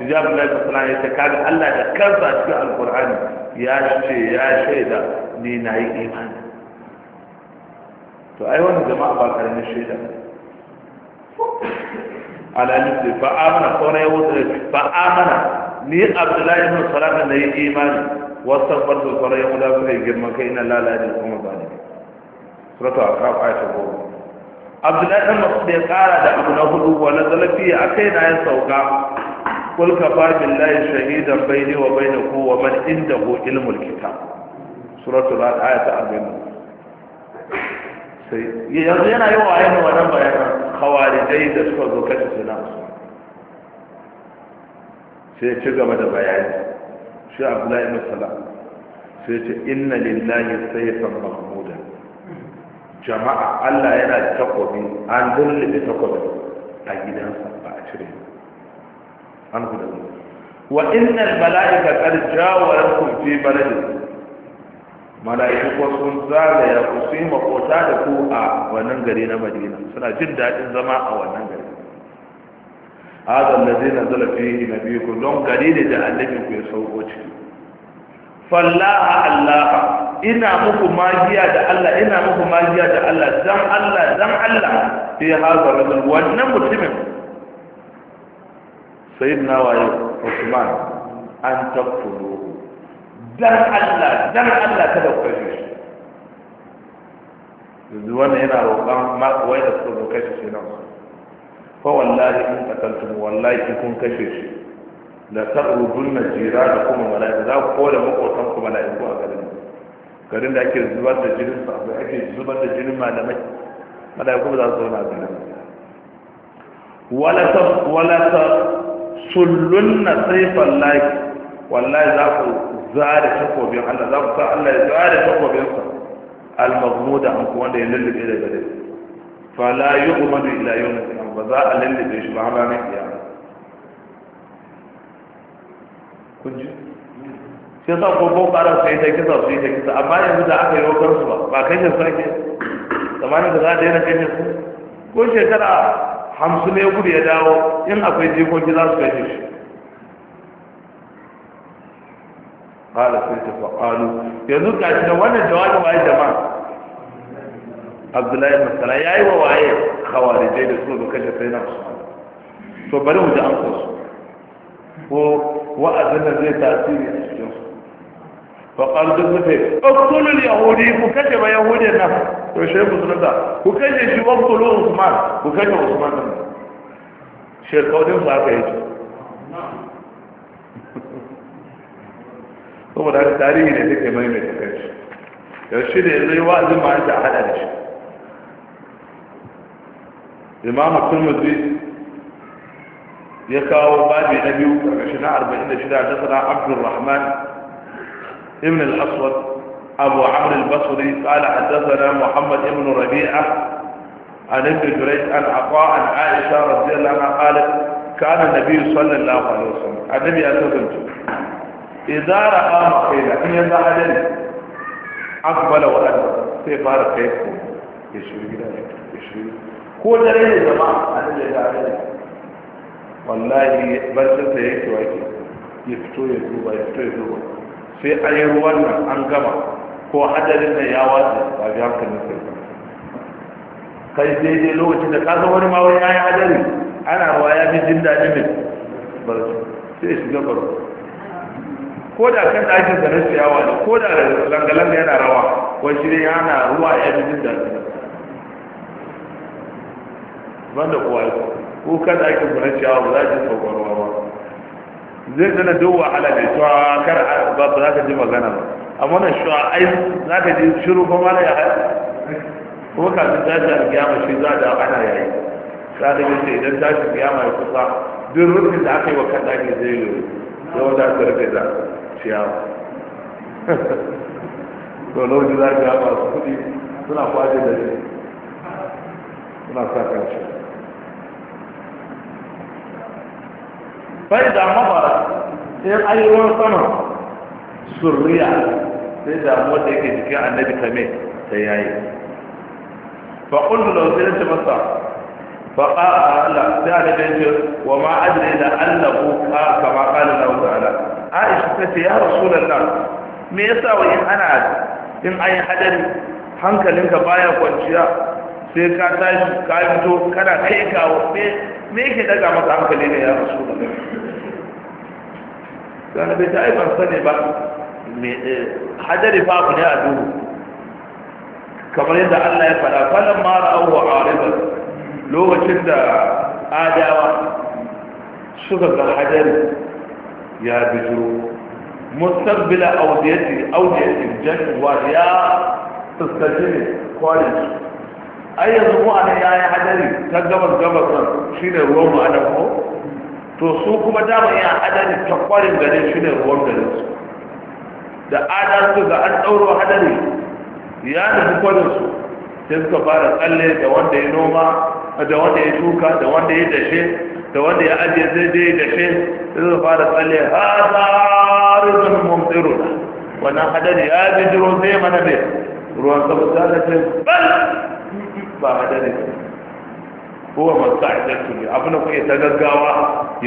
hijabun lafi suna ya ce kaga Allah da kansa cikin alkur'ani ya ce ya shaida ni na yi imani to ai wani jama'a ba karamin shaida ala nufi fa amana sauran yawon da nufi fa amana ni abdullahi ibn salam na yi imani wasu farfar sauran yawon da su ne girman kai na lalari su kuma zane suratu a kafa ya abdullahi ibn masudu ya kara da abu na hudu wa na zalafi a kai na ya sauka kul ka fa billahi shahidan baini wa ku wa man indahu ilmul kitab suratu ra ayata abin sai yanzu yana yi wa ayyana wannan bayanan khawarijai da suka zo kashe suna sai ci gaba da bayani shi abdullahi ibn salam sai ce inna lillahi sayfan mahmuda jama'a Allah yana takobi an dulle takobi a gidansa ba a cire an gudu wa innal mala'ika qad jawarakum fi baladin mala'iku ko sun zagaya ku su yi makota da ku a wannan gari na madina suna jin daɗin zama a wannan gari hada allazi na biyu ku don gari ne da annabin ku ya sauko ciki fallaha Allaha, ina muku magiya da Allah ina muku magiya da Allah dan Allah dan Allah sai hada rajul wannan mutumin sayyidina wa Usman an takfuru dan Allah dan Allah ta da kwaje shi yanzu wannan yana roƙon wai da suka zo kashe shi nan fa wallahi in qataltum wallahi in kun kashe shi la tarudun jira da kuma mala'iku za ku kore makotan ku mala'iku a garin garin da ake zubar da jinin sa ake zubar da jinin malamai mala'iku za su zauna garin wala ta wala ta sullunna sayfan lahi wallahi za ku zare takobin Allah za ku sa Allah ya zare takobinsa al mazmuda an ku wanda ya lullube da gare fala yughmadu ila yawmil qiyamah ba za a lullube shi ba har ranar kiyama kun ji sai sa ko ko fara sai ta kisa sai ta kisa amma yanzu da aka yi wakar su ba ba ne sai ke Zamani da za a daina ne su ko shekara hamsin ne gudu ya dawo in akwai jikoki za su kai shi qala sai ta faqalu yanzu ka shi da wannan jawabin waye jama'a Abdullahi ibn ya yi wa waye kawarijai da su kashe sai na So, bari mu ji an ko ko wa'azin da zai tasiri a cikin su فقال دمته اقتلوا اليهودي فكتب يهودي النفس وشيء مسلمة وكتب شباب قلوه عثمان وكتب عثمان النفس شيء قولي مصعب يجب saboda haka tarihi ne take maimaita kanshi yaushe da yanzu wa'azin ma ta hada da shi imam turmuzi ya kawo babi na biyu ƙarƙashin na arba'in da shida da sana abdulrahman ibn al-aswad abu amr al-basri qala haddathana muhammad ibn rabi'a an ibn jurayj an aqa an aisha radiyallahu anha qalat kana nabiy sallallahu alaihi wasallam annabi ya kasance idza ra'a makaila in yanzu hadari akbala wa ad sai fara kai ko ya shiru gida ne ya shiru ko dare ne zama a nan da hadari wallahi barcin sa yake wake ya fito ya duba ya fito ya duba sai a yi ruwan nan an gama ko hadarin da ya wace ba ga hankalin sai ba kai daidai lokacin da ka wani ma wani ya yi hadari ana ruwa ya fi jin daɗi ne barci sai shiga barci ko da kan ɗakin da na ciyawa ne ko da langalanga yana rawa wani ne yana ruwa ya fi jin daɗi ban da kowa ya ko kan ɗakin da na ciyawa ba za ki saukar ruwa ba zai zana duk wahala ne to kar ba za ka ji magana ba amma na shi ai za ka ji shiru ba ma ya haɗa kuma kafin tashi a kiyama shi za da ana yayi ta da yace idan tashi kiyama ya kusa duk rukun da aka yi wa kan ɗakin zai yi da wanda aka rufe za ciyawa to lauji za ka yaba su kudi suna kwaje da shi suna sa kanci bai da mabara sai an yi ruwan sama surriya sai mu da yake jikin annabi kame sai yayi فقلت لو سئلت مصر فقال لا سأل بيته وما أدري لأنه كما قال الله تعالى aisha ta ce ya rasulallah me yasa wa in ana in an hadari hankalinka baya kwanciya sai ka tashi ka fito kana kai kawo me me yake daga masa hankali ne ya rasulallah kana bai ta aifan sani ba me eh, hadari fa abu ne a duhu kamar yadda Allah ya fada mara ma a ariban lokacin da adawa suka ga hadari ya bijiro mustaqbila awdiyati awdiyati jannah wa ya tastajil college ai yanzu mu anan yayi hadari ta gabas gabas nan shine ruwan mu ko to su kuma dama ya hadari ta kwarin gare shine ruwan gare su da adan su ga an dauro hadari ya nufi kwarin su sai suka fara tsalle da wanda ya noma da wanda ya shuka da wanda ya dashe da wanda ya ajiye zai daidai da shi sai zai fara tsalle hada rizun mumtiru wannan hadari ya ji jiro sai mana ne ruwan sama ta da ce bal ba hadari kowa masu aizarci ne abu na kuke ta gaggawa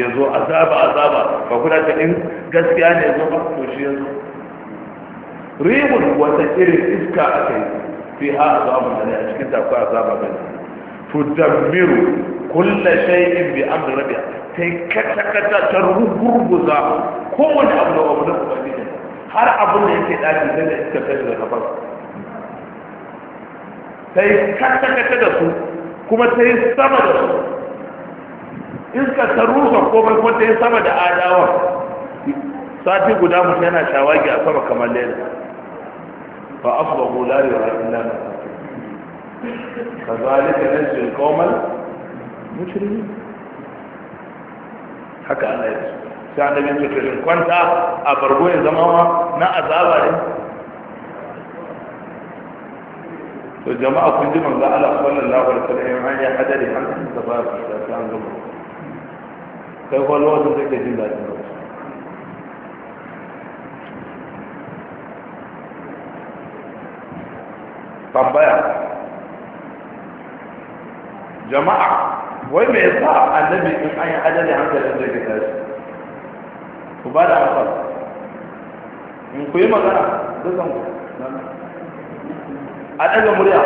ya zo azaba azaba ba kuna ta in gaskiya ne zo ba to shi yanzu ribun wata irin iska aka yi fi ha azabun da ne a cikin takwa azaba ne. tudammiru kulla shay'in bi amri ta sai kata kata ta rugurguza kowane abu da abu da ubangiji har abin da yake daji sai da iska ta daga gaban sai kata kata da su kuma ta yi sama da su iska ta rusa komai kuma yi sama da adawa sati guda mutum yana shawagi a sama kamar leda fa asbahu la yura illa man kazalika najjil qawmal mujrimin haka Allah ya ce sai annabi ya ce kwanta a bargo ya zama na azaba ne to jama'a kun ji manzo Allah sallallahu alaihi wasallam an ya hadari an ta ba su da san gaba kai ko lokacin da kake jin daɗi tambaya jama'a wai me yasa annabi in an yi adalci hankalin da ke tashi ku ba da amsa in ku yi magana dukkan ku a ɗaga murya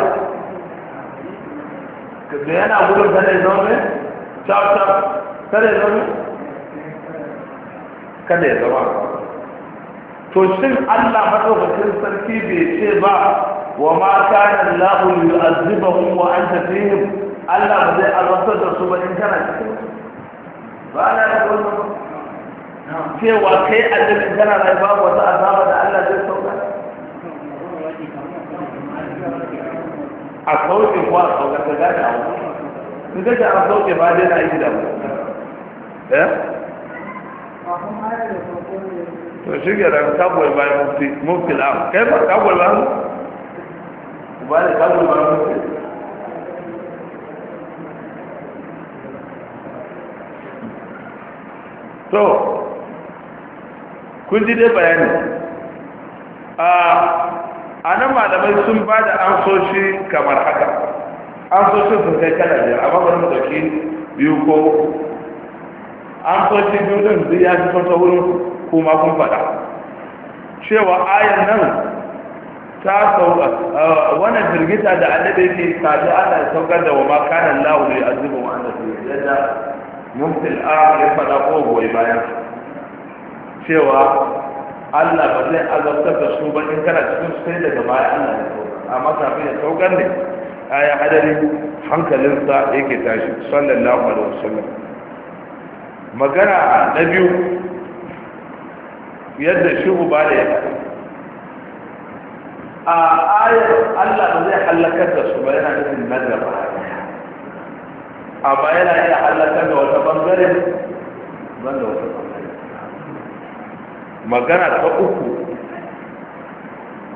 da yana gudun kare zaune? zama mai kare zaune? kada ya zama kada ya zama to shin Allah madaukakin sarki bai ce ba wa ma kana Allah yu'azzibahum wa anta fihim Allah ba zai azabtar da su ba in kana cikin ba na da wannan cewa kai annabi kana rayuwa wata azaba da Allah zai sauka a sauke ko a sauka ta gane a wani in gaji a sauke ba dai na yi da mu eh to shi ke da kabuwar bayan mufti mufti al'am kai ba kabuwar bayan ba da kabuwar bayan mufti to kun ji dai bayani a nan malamai sun ba da amsoshi kamar haka an amsoshin sun kai kala biyar a bari mu dauki biyu ko an amsoshi biyu din ya fi fasa wurin kuma kun faɗa cewa ayan nan ta sauka uh, wannan firgita da annabi yake Allah ana saukar da wa ma kana Allah li azibu wa annabi yadda mumtil akhir fada ko goyi bayan cewa Allah ba zai azabtar da su ba in kana cikin sai daga baya Allah ya sauka amma kafin ya saukar ne aya hadari hankalinsa yake tashi sallallahu alaihi wasallam magana na biyu yadda shubu ba da ya a ayar Allah ba zai halakar da su ba yana nufin na a ba yana iya halakar da wata bangare ban da wata bangare magana ta uku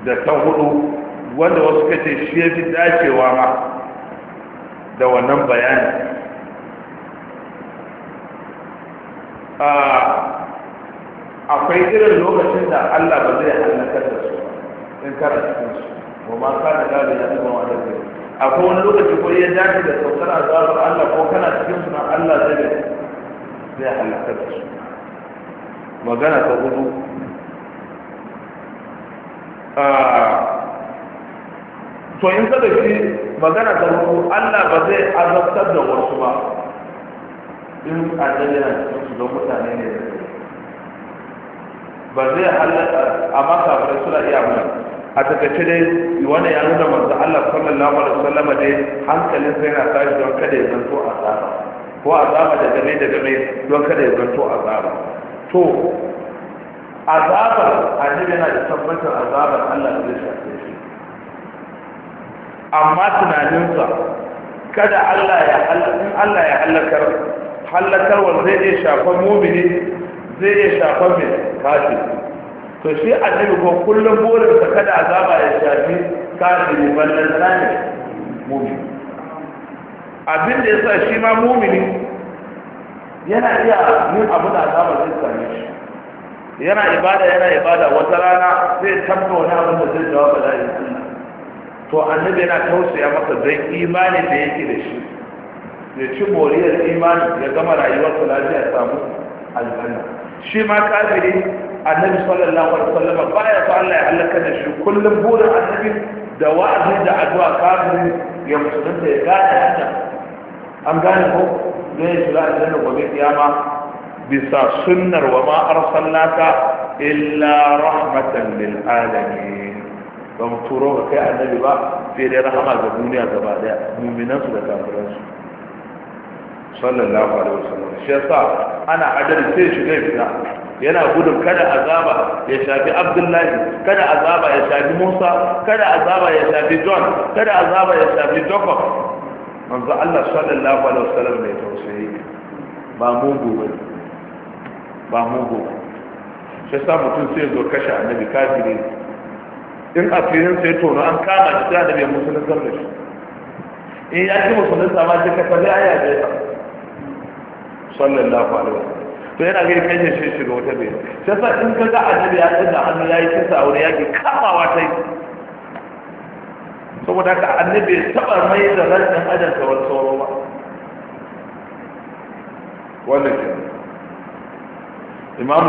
da ta hudu wanda wasu kace shi ya fi dacewa ma da wannan bayani akwai irin lokacin da Allah ba zai halakar da su in kana cikin su wa ma ka da da yadda zama da zai akwai wani lokaci ko ya dace da saukar azabar Allah ko kana cikin su na Allah zai zai halakar da su magana ta hudu ah, to in ka shi magana ta hudu Allah ba zai azabtar da wasu ba in a yana cikin su don mutane ne da ba zai halatta amma kafirai suna iya mana a takaice dai wani ya nuna manzo Allah sallallahu alaihi wasallam dai hankalin sai na tashi don kada ya zanto azaba ko azaba da game da game don kada ya zanto azaba to azabar annabi yana da tabbatar azabar Allah da shafe shi amma tunaninsa kada Allah ya halakar Allah ya halakar halakarwar zai iya shafan mumini zai iya shafar mai kafin to shi annabi ko kullum burin sa kada a azaba ya shafi kafin ballan zane mumin abin da sa shi ma mumini yana iya yin abu da azaba zai same shi yana ibada yana ibada wata rana zai tabba wani abin da zai da yi Allah to annabi yana tausaya masa zai imanin da yake da shi ya ci moriyar imani ya gama rayuwarsa lafiya samu aljanna shi ma kafiri annabi sallallahu alaihi wasallam baya fa Allah ya halaka da shi kullum burin annabi da wa'azi da addu'a kafiri ya musulunta ya gane haka an gane ko zai shiga aljanna gobe kiyama bisa sunnar wa ma arsalnaka illa rahmatan lil alamin ba mu turo ka kai annabi ba sai dai rahama ga duniya gaba daya mu'minansu da kafiransu sallallahu alaihi wasallam shi yasa ana sai shi zai fita yana gudun kada azaba ya shafi abdullahi kada azaba ya shafi musa kada azaba ya shafi john kada azaba ya shafi jacob manzo Allah sallallahu alaihi wasallam mai tausayi ba mugu bane ba mugu shi yasa mutum sai zo kashe annabi kafiri in asirin sai tono an kama shi da annabi musulun zarra shi in ya ji musulun sama shi ka a aya da sallallahu alaihi wasallam to yana gani kai ne shi shiga wata bai sai sa in ka ga annabi ya tsada hannu yayi kisa a wuri yaki kamawa ta yi saboda haka annabi ya taba mai da ran dan adam ta wani sauro ba wannan ke imam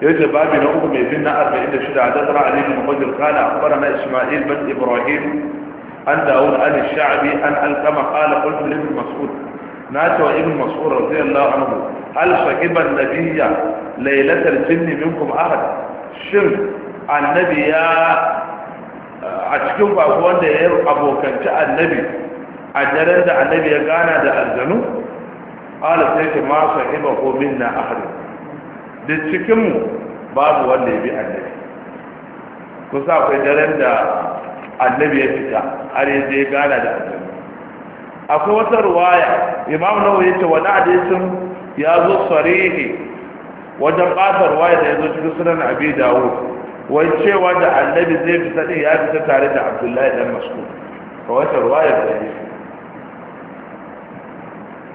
ya yace babi na uku mai bin na arba'in da shida 46 hadathana ali bin muhammad qala na isma'il bin ibrahim an daud an shabi an alqama qala qultu li mas'ud na ce wa ibn mas'ud radiyallahu anhu hal sahiban nabiyya lailatal jinni minkum ahad shin annabi ya a cikin babu wanda ya abokanci annabi a daren da annabi ya gana da aljanu ala sai ke ma sahiba ko minna ahad da babu wanda ya bi annabi kusa akwai daren da annabi ya fita gana da aljanu akwai wata ruwaya imam nawawi yace wani hadisin ya zo sarihi wajen bata ruwaya da ya zo cikin sunan abi dawud wai cewa da annabi zai fi din ya fita tare da abdullahi dan mas'ud A wata ruwaya da ne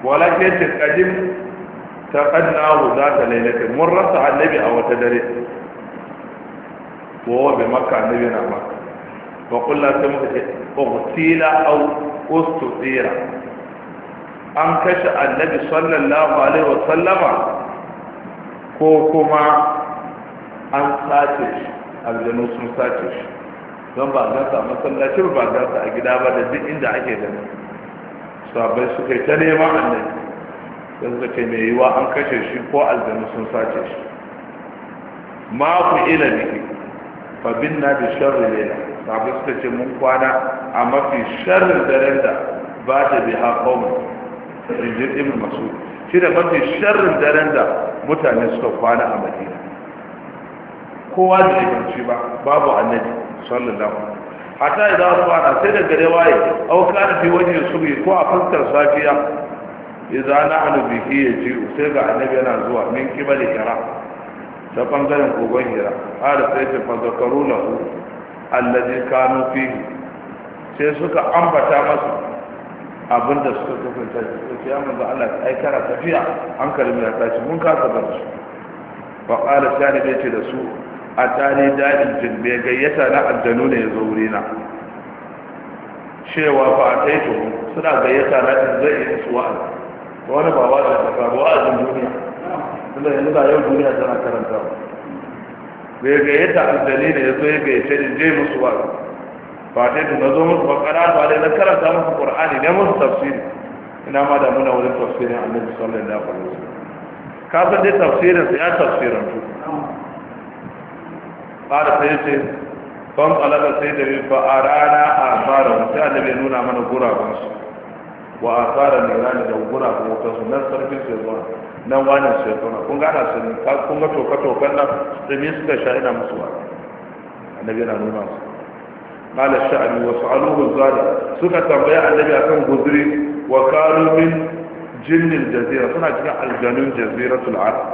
wala ke ce kadim ta qadnahu za ta lailata mun rasa annabi a wata dare ko wa maka annabi na maka. wa kullum sai muka ce ƙutila au ustutira an kashe annabi sallallahu alaihi wa sallama ko kuma an sace shi aljanu sun sace shi don ba gan sa masallaci ba gan sa a gida ba da duk inda ake gani sabai suka yi ta neman annabi da suka ce mai yiwa an kashe shi ko aljanu sun sace shi ma ku ila biki fa binna bi sharri lela sabu suka ce mun kwana a mafi sharrin daren da ba ta bi ha kawai rijin ibn masu shi da mafi sharrin daren da mutane suka kwana a madina kowa da shi ba babu annabi sallallahu alaihi hatta za su ana sai da gare waye au kana fi waje subhi ko a fuskar safiya idan na anu bihi yaji sai ga annabi yana zuwa min kibali kara ta bangaren kogon hira A da sai ta fazakaru lahu allazi kanu fi sai suka ambata masu abinda suka kafirta shi ko ya manzo Allah ai kara tafiya hankalin mu ya tashi mun kasa ga su fa qala sai da ce da su a tare dalil jin bai gayyata na aljanu ne ya zo wurina cewa fa ataitu suna gayyata na in zai yi su wa'azi wani ba wa'azi ba wa'azin duniya tunda yanzu ba yau duniya tana karanta bai gayyata aljani ne ya zo ya gayyace ni je musu ba ba ta yi na zo musu bakara ba dai na karanta musu ƙur'ani ne musu tafsiri ina ma da muna wurin tafsirin annabi sallallahu alaihi wasallam ka san dai tafsirin sa ya tafsirin su qala sai ce fam alaka sai da bi fa arana asara sai annabi nuna mana gurabansu wa asara ne ran da gurabansu na sarfin sai zuwa nan wani su ya tona kun gana su ne kun ga toka-tokan nan tsimi suka sha ina musu wa annabi yana nuna su mala sha'ani wasu aluhu zada suka tambaya annabi akan guzuri wa kalu min jinnin jazira suna cikin aljanun jaziratul arab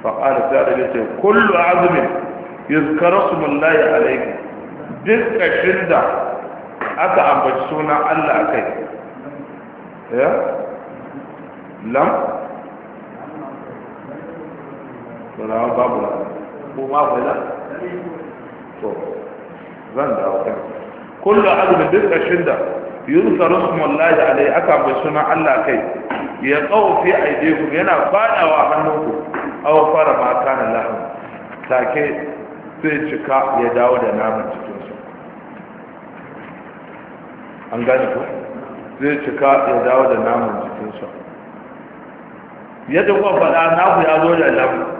fa qala ta'ala yace kullu azmin yuzkaru smullahi alayhi duk kashin da aka ambaci sunan Allah akai ya lam tunawa babu na ko ma wala to zan dawo kan kullu azumi duk ƙarshen da yunsa rusmullahi alai aka bai suna Allah kai ya tsawo fi aidekum yana fadawa hannunku aw fara ma kana lahu take sai cika ya dawo da naman cikin su an gane ku zai cika ya dawo da naman jikinsa yadda kuma faɗa naku ya zo da lamu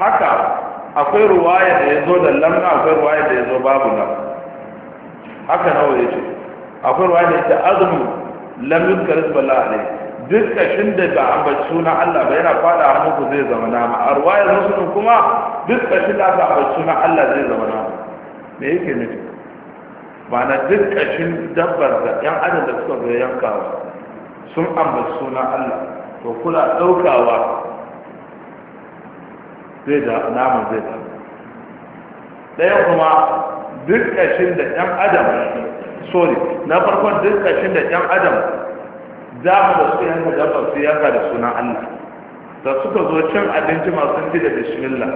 haka akwai ruwaya da ya zo da lamna akwai ruwaya da ya zo babu lam haka nawa ya ce akwai ruwaya da ya ce azumi lam yuzkar isbala alai duk kashin da ba ambaci suna Allah ba yana fada a muku zai zama nama a ruwaya musulun kuma duk kashin da aka ambaci suna Allah zai zama nama me yake nufi na duk kashin dabbar da yan adam da suka zo yankawa sun ambata suna Allah to kula daukawa zai da namun zai da ɗaya kuma duk ƙashin da ɗan adam sorry na farkon duk ƙashin da ɗan adam mu da su yanka da su yanka da sunan allah da suka zo cin abinci masu ci da bishimilla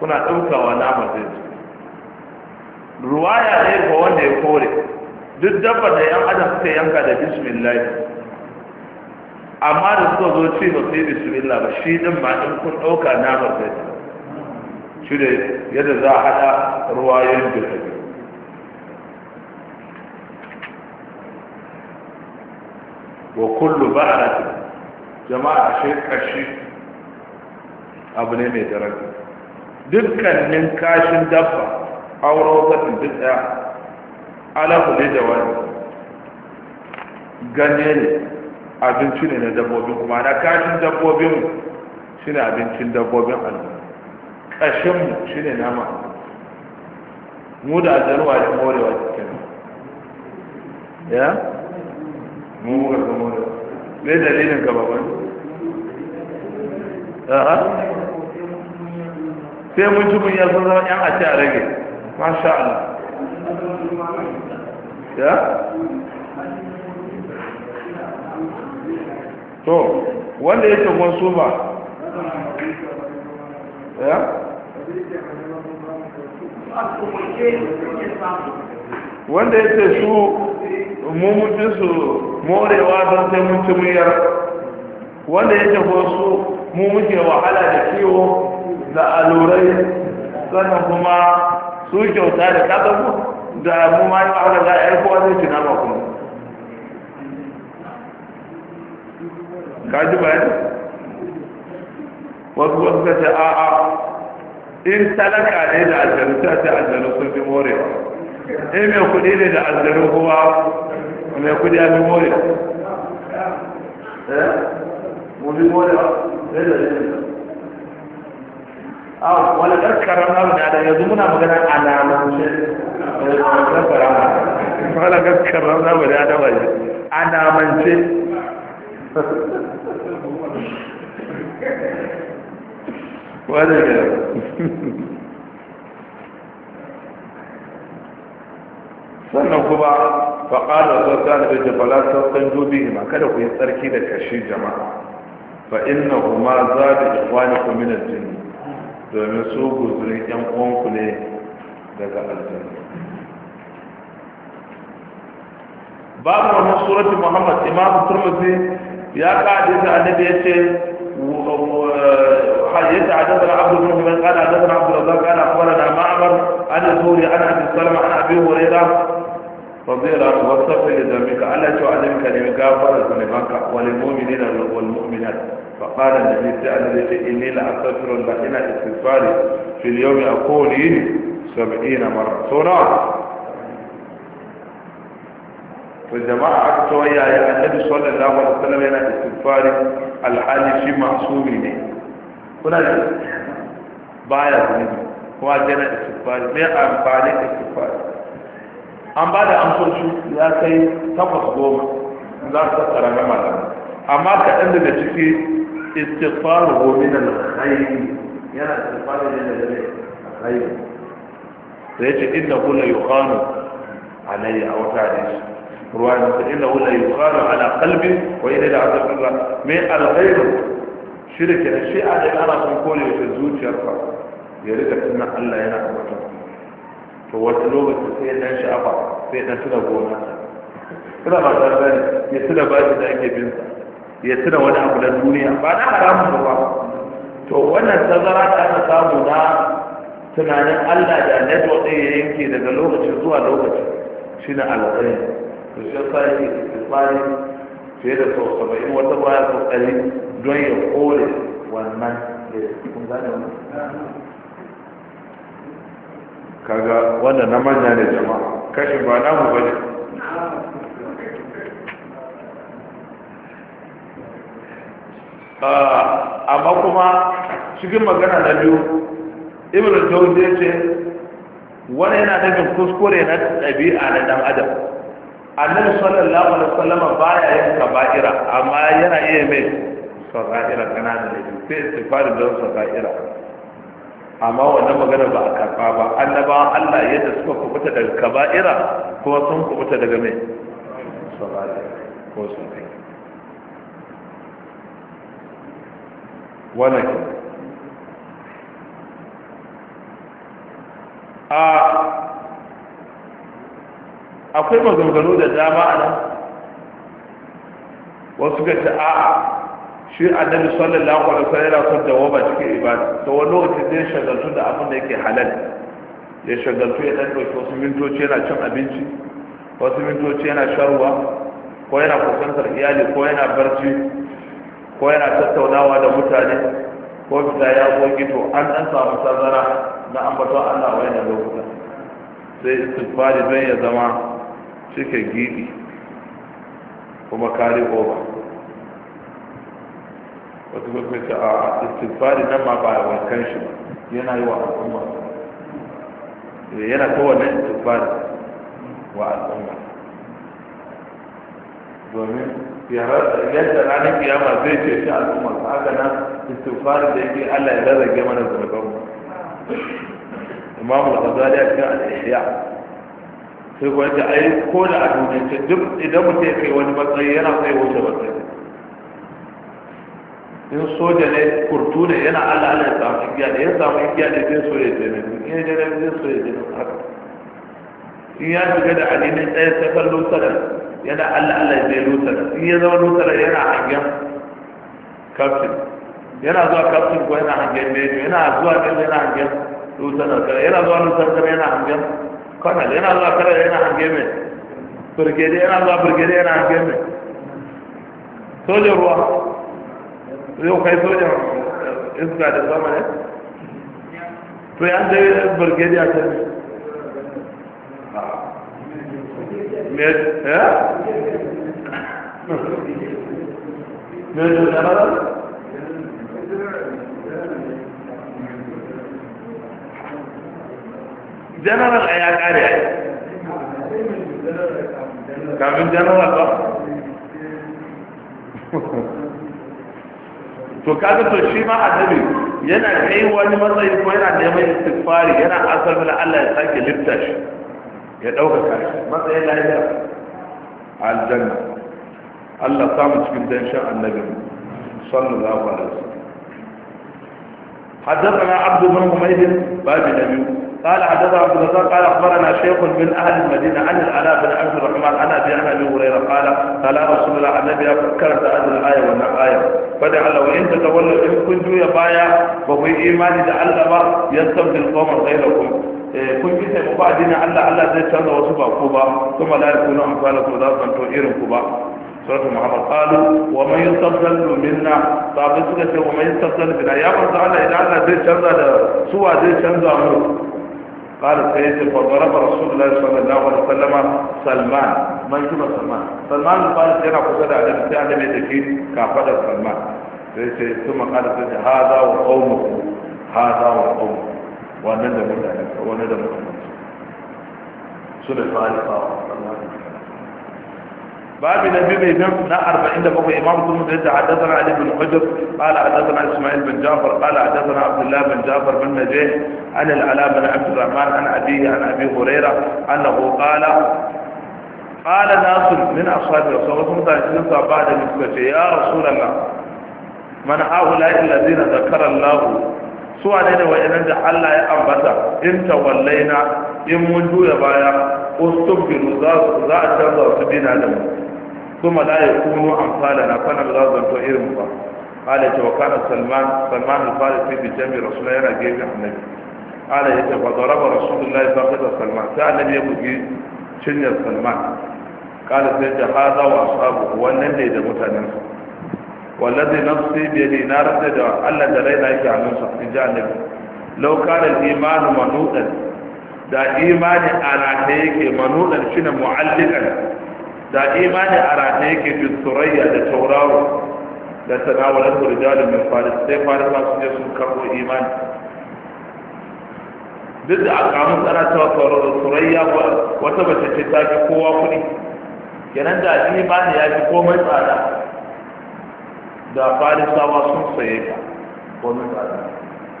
kuna ɗaukawa namun zai ci ruwaya ne ga wanda ya kore duk dabba da yan adam suka yanka da bismillah amma da suka zo ci ba su yi bismillah ba shi din ma in kun ɗauka namar zai ci shi ne yadda za a haɗa yadda ta biyu wa kullu ba'aratin jama'a shi kashi abu ne mai daraja dukkanin kashin dabba auro ta duk ɗaya alaku ne da wani ganye ne abinci ne na dabbobin kuma na kashin dabbobin shi ne abincin dabbobin allah ƙashinmu shi ne nama mu da aljanuwa da morewa cikin ya mu muka ga morewa ne dalilin gaba wani sai mun ci mun sun zama yan ake a rage masha Allah ya to wanda ya ce su ba ya wanda ya ce su mummucin su morewa don sai mun ci wanda ya ce su mu wahala da kiwo da alurai sannan kuma su kyauta da kasafu da mu ma yi wahala za a yar kowa zai cina ba kuma kaji bayan wasu wasu ka ce a'a in talaka ne da aljaru ta ce aljaru sun fi more, in mai kudi ne da aljanu kuma mai kudi ya fi morewa eh? mu fi morewa ne da ne a wani karkarar abu na da yanzu muna magana alamun eh, wani karkarar abu na da waje alamance kwanar da sannan kuma faƙalar tsara da jabala ta sassan jobi ma kada ku yi tsarki da kashi jama'a fa inna kuma za da ikwani kuminar jini domin su guzurin yan uwanku ne daga aljanna mu wannan surati muhammad imam turmuzi ya kaɗe da annabi ya ce وحديث حدثنا عبد المؤمن قال حدثنا عبد الرزاق قال اخبرنا معمر عن سوري عن عبد السلام عن ابي هريره رضي الله عنه وصف لذنبك الا تعلمك لمك غفر ذنبك وللمؤمنين والمؤمنات فقال النبي لي اني لاستغفر الله الى استغفاري في اليوم اقول سبعين مره سورة والجماعة أكتوية يا يعني النبي صلى الله عليه وسلم هنا استغفار الحال في معصومين هنا بايا زنيبي هو جنا استغفار ما أنفعل استغفار أم بعد أن تنشو يا سي تفص قوم لا تسأل ما أما كأن لك استغفار هو من الخير يعني استغفار جنا جميع الخير ليش إنه لا يخانو علي أو Ruwaya da ta wula yi tsara ana kalbin wa ilai da azabin ra mai alghairu shi da kenan shi a da ana son kone da zuciyarsa ya rika tuna allah yana ambaton to wata lokaci sai dan sha'afa sai dan tuna gona tuna ba tare da ya tuna bashi da ake bin sa ya tuna wani abu na duniya ba na haramun ba to wannan tazara da aka samu na tunanin allah da annabi wanda ya yanke daga lokaci zuwa lokaci shine alƙairi to shi da yake tsari fiye da sau saba'in wata baya ɗari don ya kore wannan da eh, kun gane wannan kaga wanda na manya ne jama'a kashin ba na ba ne ah, amma kuma cikin magana na biyu ibrahim jauzi ya ce wani yana nufin kuskure na ɗabi'a na ɗan adam annabi sallallahu alaihi wasallam baya yin kaba'ira amma yana iya mai kaba'ira kanana ne sai fara da kaba'ira amma wannan magana ba a karba ba Annaba, Allah yadda suka kubuta daga kaba'ira kuma sun kubuta daga mai kaba'ira ko sun kai wannan a akwai maganganu da dama a nan wasu ga ta a'a shi annabi sallallahu alaihi wasallam yana son ba cikin ibada to wani lokacin zai shagaltu da abin da yake halal ya shagaltu ya dan dauki wasu mintoci yana cin abinci wasu mintoci yana sharuwa ko yana kusantar iyali ko yana barci ko yana tattaunawa da mutane ko fita ya goge to an dan samu tazara na ambaton Allah wayan lokuta sai istighfari don ya zama cike gidi kuma kare oba wata ta a istifari nan ma ba wa kan shi ba yana yi wa al'umma eh, yana kowane istifari wa al'umma domin yadda ranar kiyama zai ce shi al'umma haka nan istifari da yake allah ya rarrage mana zurgamu mu. al Zariya a cikin sai kuwa ta ai ko da a duniyance duk idan mutum ya kai wani matsayi yana kai wuce matsayi in soja ne kurtu ne yana allah ya samu igiya ne ya samu igiya ne zai so ya jini in ya jini zai so ya jini haka in ya shiga da alinin ɗaya sai kan lusarar yana allah allah zai lusarar in ya zama lusarar yana hangen kaftin yana zuwa kaftin ko yana hangen mejo yana zuwa kaftin yana hangen lusarar yana zuwa lusarar yana hangen kwanal yana zuwa kare yana hange mai burgede yana zuwa burgede yana hange mai ruwa yau kai sojan iska da zama ne to ya zai burgede a can ne ya? ne da general a ya kare a kamin general ba to kaga to shi ma annabi yana kai wani matsayi ko yana neman istighfari yana asar da Allah ya sake lifta shi ya ɗaukaka shi matsayin lafiya aljanna Allah samu cikin danshin annabi sallallahu alaihi wasallam حدثنا عبد بن حميد باب نبيه قال حدثنا عبد الرزاق قال اخبرنا شيخ من اهل المدينه عن العلاء بن عبد الرحمن عن ابي عن ابي هريره قال قال رسول الله النبي فكرت هذه الايه وانا ايه فدعا لو ان تتولوا ان كنتم يا بايا وفي ايمان اذا الله يستبدل قوما غيركم kun yi taimako a dinin Allah Allah zai canza wasu ba ku ba kuma la yakunu amsalakum za su zanto irin ku ba suratul muhammad qalu wa man yastabdil minna sahabbai suka ce wa man yastabdil bina ya manzo Allah idan Allah zai canza da suwa zai canza mu قال سيدي فضرب رسول الله صلى الله عليه وسلم سلمان ما يجب سلمان سلمان قال سينا قصد على نفسي أنا ميتكي كافد سلمان سيدي ثم قال سيدي هذا وقومه هذا وقومه وندم وندم سنة فارقة باب النبي بن أربعين دقيقة إمام كل مدرسة حدثنا علي بن حجر قال حدثنا إسماعيل بن جعفر قال حدثنا عبد الله بن جعفر بن نجيح عن العلاء بن عبد الرحمن عن أبيه عن أبي هريرة أنه قال قال ناس من أصحاب رسول الله صلى الله بعد مثلته يا رسول الله من هؤلاء الذين ذكر الله سوى لنا وإن جعل الله أنبتا إن تولينا إن من جوي بايا استبدلوا ذات ذات ذات بنا لهم kuma la ya kuno amfala na fana ba za to irin ba ala ce wa kana salman salman al-fari fi bi jami rasulullahi yana gefe annabi ala ya ce ba zara ba rasulullahi ba kada salman sai annabi ya bugi cinyar salman kala sai ta hada wa ashabu wannan ne da mutanen su wallazi nafsi bi yadi na rasa da Allah da raina yake hannun sa in ji annabi law kana al da imani ala ta yake manudan shine mu'allikan da imani a yake fi surayya da tauraro da tanawalar rijalin mai faris sai farisa masu je sun karbo imani duk da akamun tsara ta tauraro surayya wata mace ce ta fi kowa kuɗi kenan da imani ya fi komai tsada da farisawa sun saye ka komai tsada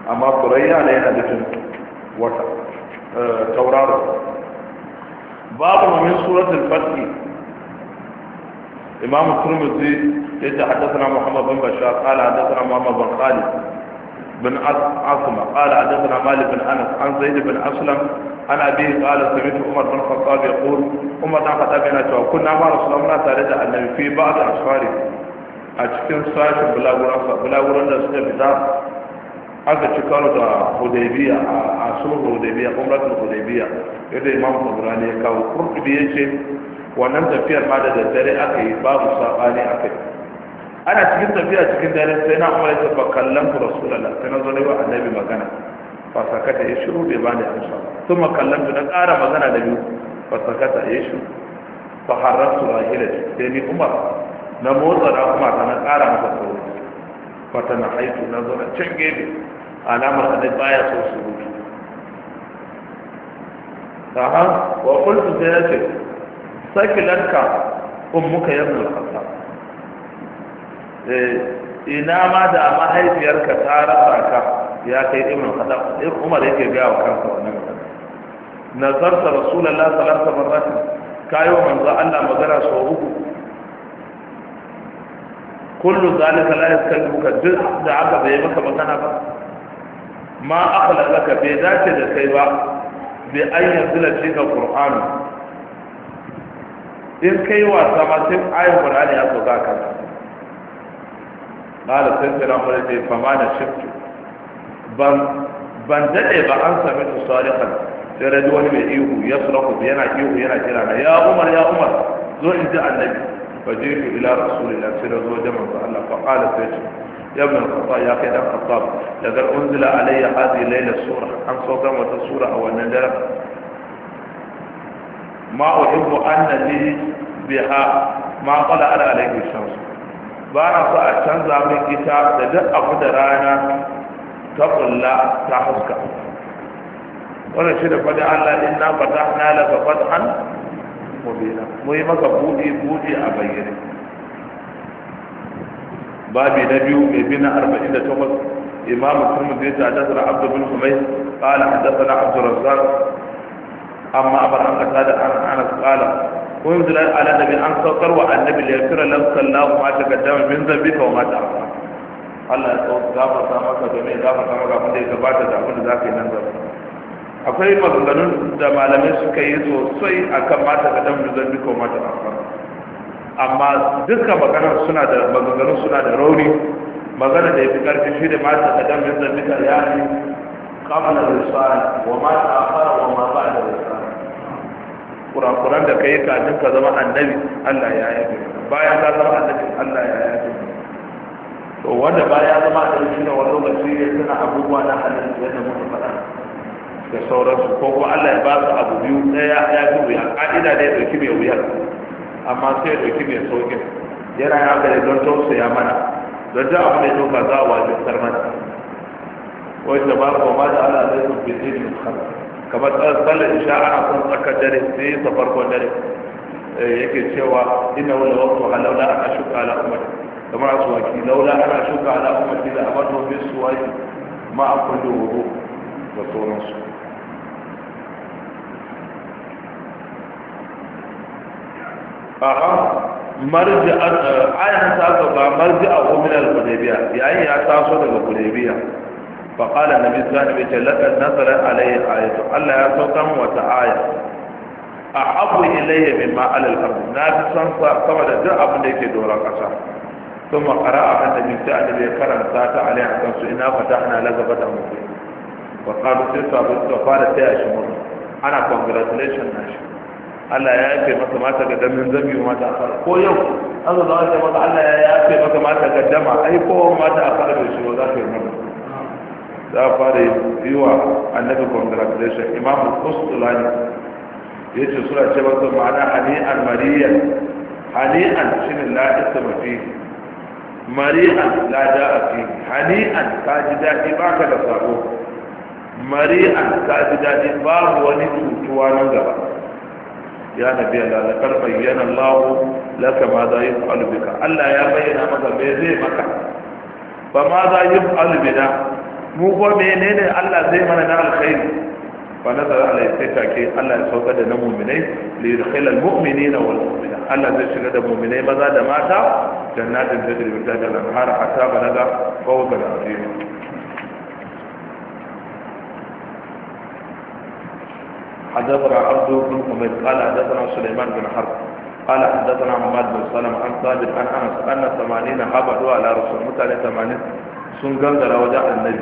amma surayya ne yana nufin wata eh, tauraro babu mamin suratul fatih إمام الترمذي يجي حدثنا محمد بن بشار قال حدثنا محمد بن خالد بن عاصمة قال حدثنا مالك بن أنس عن زيد بن أسلم عن أبيه قال سمعت عمر بن الخطاب يقول عمر بن الخطاب يقول كنا مع رسول الله تارد النبي في بعض أسفاره أتكلم ساشا بلاغورا لسنة بتاع aka ci karo da hudaybiya a sulhu hudaybiya umratul hudaybiya yadda imam tabrani ya kawo kurtubi yace wannan tafiyar ma da daddare aka yi babu sabani aka yi ana cikin tafiya cikin dare sai na umar ya ba kallon ku rasulullah sai na zo ne ba annabi magana fa sakata ya shiru bai bani amsa kuma kallon ku na ƙara magana da biyu fa sakata ya shiru fa harrasu rahilati sai ni umar na motsa na kuma ta na ƙara masa tsoro fa ta na haitu na zo na can gefe alamar annabi baya so su rutu. Aha, wa kullu sai ya ce sakilarka ummuka yabnul khattab eh, ina ma da mahaifiyarka ta rasa ka ya kai ibn khattab umar yake ga wa kansa wannan magana nazarta rasulullahi sallallahu alaihi wasallam kayo manzo Allah magana so uku kullu zalika la yaskaluka duk da aka bai maka magana ba ma akhlaqaka bai dace da kai ba bi ayyin zilati ka qur'ani in kai wasa ma sai ayin qur'ani ya so zaka mala sai sai ramu da fa ma da shiftu ban ban dade ba an sami su salihan sai radi wani mai ihu ya suraku yana ihu yana kira na ya umar ya umar zo in ji annabi fa ku ila rasulillah sai zo jama'a fa Allah fa qala sai ya يا ابن الخطاب يا أخي الخطاب لقد أنزل علي An so السورة ta sura a wannan النجرة ma uhibbu an biha ma qala ala alayhi shams ba na so a canza min ita da duk abu da rana ta kulla ta haska wannan shi da fadin Allah n'a n'a fatahna laka fathan mubina mu yi maka buɗe buɗe a bayyane babi na biyu mai bin arba'in da takwas imam turmudi ta hadasana abdu bin humay qala hadasana abdu razzaq amma abar an kasa da an ana kala unzil ala nabi an saukar wa annabi da kira lam sallahu ma ta gaddama min zambika wa ma ta Allah ya tsawon gafarta maka domin gafarta maka abin da ya gabata da abin da za ka yi nan gaba akwai maganganun da malamai suka yi sosai akan mata min dan zambika wa mata amma duka maganar suna da maganganun suna da rauni magana da ya fi karfi shi da mata da dan zambika ya ne قبل الوصال وما تأخر وما بعد الوصال kurakuran da kai kafin ka zama annabi Allah ya yi bayan ذا zama النبي Allah ya yi to wanda baya zama annabi shine wani lokaci ya tana abubuwa na da sauransu ko kuma Allah ya ba su abu biyu ɗaya ya fi wuya ƙa'ida ne ya ɗauki mai wuya amma sai ya ɗauki mai sauƙin yana ya ga da don tausaya mana don ta abu mai doka za a wajibtar mana وتبارك وما جعل عليكم في دين الخلق kamar tsallar isha ana son tsakar dare sai ta farkon dare yake cewa ina wani wasu halaula ana shuka ala umarci kamar su waki laula ana shuka ala umarci da abin tobe su waki ma a kullum wuro da sauransu aha marji ayan ta ba marji a gominar kudebiya yayin ya taso daga kudebiya فقال النبي صلى الله عليه وسلم لقد نزل عليه آية الله يا وتعالى أحب إليه مما على الأرض نبي صلى كما جاء من ذلك دورا كشا ثم قرأ النبي صلى الله عليه وسلم سات عليه حسن سئنا فتحنا لك فتح مبين وقالوا سيسا بسوا قال تياش مرة أنا congratulation ناشي الله يا أخي ما سمعت ga من ذنبي وما تأخر akar ko yau an zo da wata mata Allah ya yafe masa mata ga dama ai za a fara yi wa annabi congratulation imam al-qustulani ya ce suna ce masa ma'ana hani'an mariyan hani'an shine la isma fi mari'an la da'a fi hani'an ka ji daɗi baka da sako Mariyan ka ji daɗi babu wani cutuwa nan gaba ya na Allah la kar bayyana Allah laka ma za yi bika Allah ya bayyana maka me zai maka ba ma za yaf'alu bina mu ko menene Allah zai mana na alkhairi fa nazara alai sai take Allah ya sauka da mu'minai li yadkhilal mu'minina wal mu'minat Allah zai shiga da mu'minai maza da mata jannatin tajri min tahtiha al-anhar hatta balaga fawqa al-azim حدثنا عبد بن حميد قال حدثنا سليمان بن حرب قال حدثنا محمد بن سلم عن ثابت عن انس ان 80 هبطوا على رسول الله 80 sun gangara wajen annabi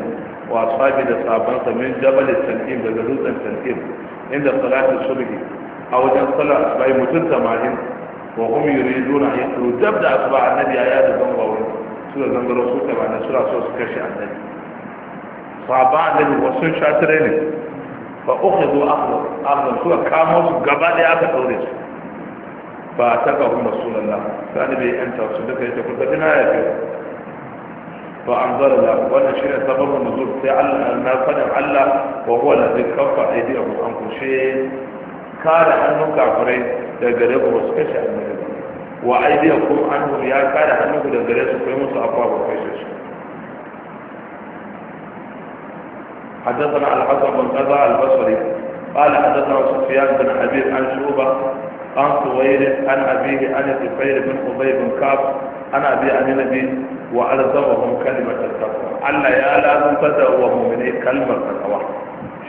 wa sabi da sabon min jabal tanqim daga dutsen tanqim inda salatul subhi a wajen salat bai mutum tamanin wa kuma hum yi an jab da asuba annabi a da zanga wani da gangaro su ta bane su so su kashe annabi sahaba annabi wasu shatire ne fa zo akhdha su suka kamo su gaba daya aka ɗaure su ba ta ga masu sunan na sai annabi ya anta su duka ya tafi da dina ya fi له وأنا شيء نزول في تعالى الناس على وهو الذي كف أيديهم كل شيء كان أنه كافرين لقريبهم وسكش أنه وأيديكم عنهم يا كان أنه لقريبهم فيمس أفواب وكشش حدثنا على حسب بن قضاء البصري قال حدثنا سفيان بن حبيب عن شعبة عن سوير عن أبيه عن سفير بن أبي بن كعب عن أبي عن النبي وألزمهم كلمة التقوى ألا يا لازم تدعو مؤمنين كلمة التقوى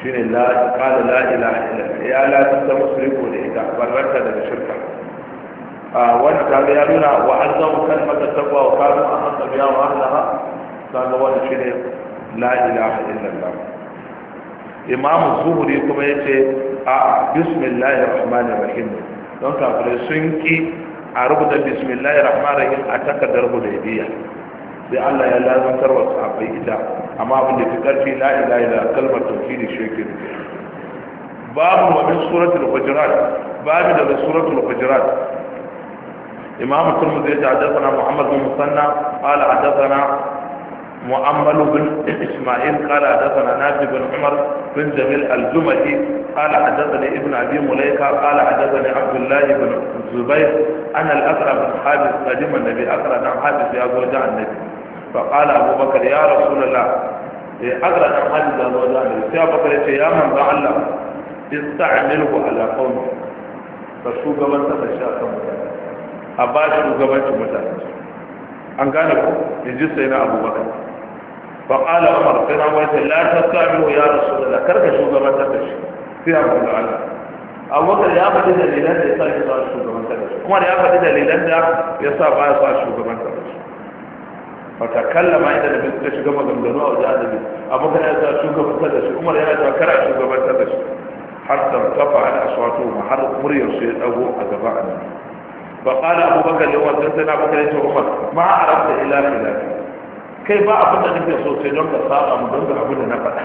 شين لا قال لا إله إلا الله يا لازم تمسرقوا لإذا بركت للشركة wani kaga ya nuna wa an zama kalmata tabba wa kanu a hasa biya wa ahlaha kaga wani shi ne la ilaha illallah imam zuhuri kuma yace a bismillahir rahmanir rahim don kafirai sun ki a rubuta bismillahir rahmanir rahim a takardar hudaybiya sai Allah ya lazantar wa sahabbai ita amma abin da fi karfi la ilaha illa kalmar tauhid shirkin babu wa min suratul hujurat babu daga suratul hujurat imam turmudi ya hadathana muhammad bin musanna qala hadathana معمل بن إسماعيل قال حدثنا نافع بن عمر بن جميل الجمحي قال حدثني ابن أبي مليكة قال حدثني عبد الله بن الزبير أن الأسرى بن حابس قدم النبي أسرى بن حابس يا النبي فقال أبو بكر يا رسول الله أقرأ عن حديث هذا الأمر سيابة لك يا من تعلم استعمله على قومه فشو قبل تخشى أباش شو قبل تمتعش an gane ku in ji sai na abubakar فقال عمر بن عمر لا تتعبوا يا رسول الله كرك شو ما تبش في عمر العالم أبو بكر يا أبو دينا ليلان يصاب يصاب شو ما تبش عمر يا أبو دينا ليلان يصاب يصاب شو ما تبش فتكلم عند النبي صلى الله عليه وسلم دنوا وجاد النبي أبو بكر يصاب شو ما تبش عمر يا أبو كرك شو ما تبش حتى ارتفع أصواتهم حر مري الشيخ أبو أتبعنا فقال أبو بكر يوم تنتهي أبو بكر يصاب ما عرفت إلا خلافه kai ba abin da nake so sai don ka saba mu don ga abin da na faɗa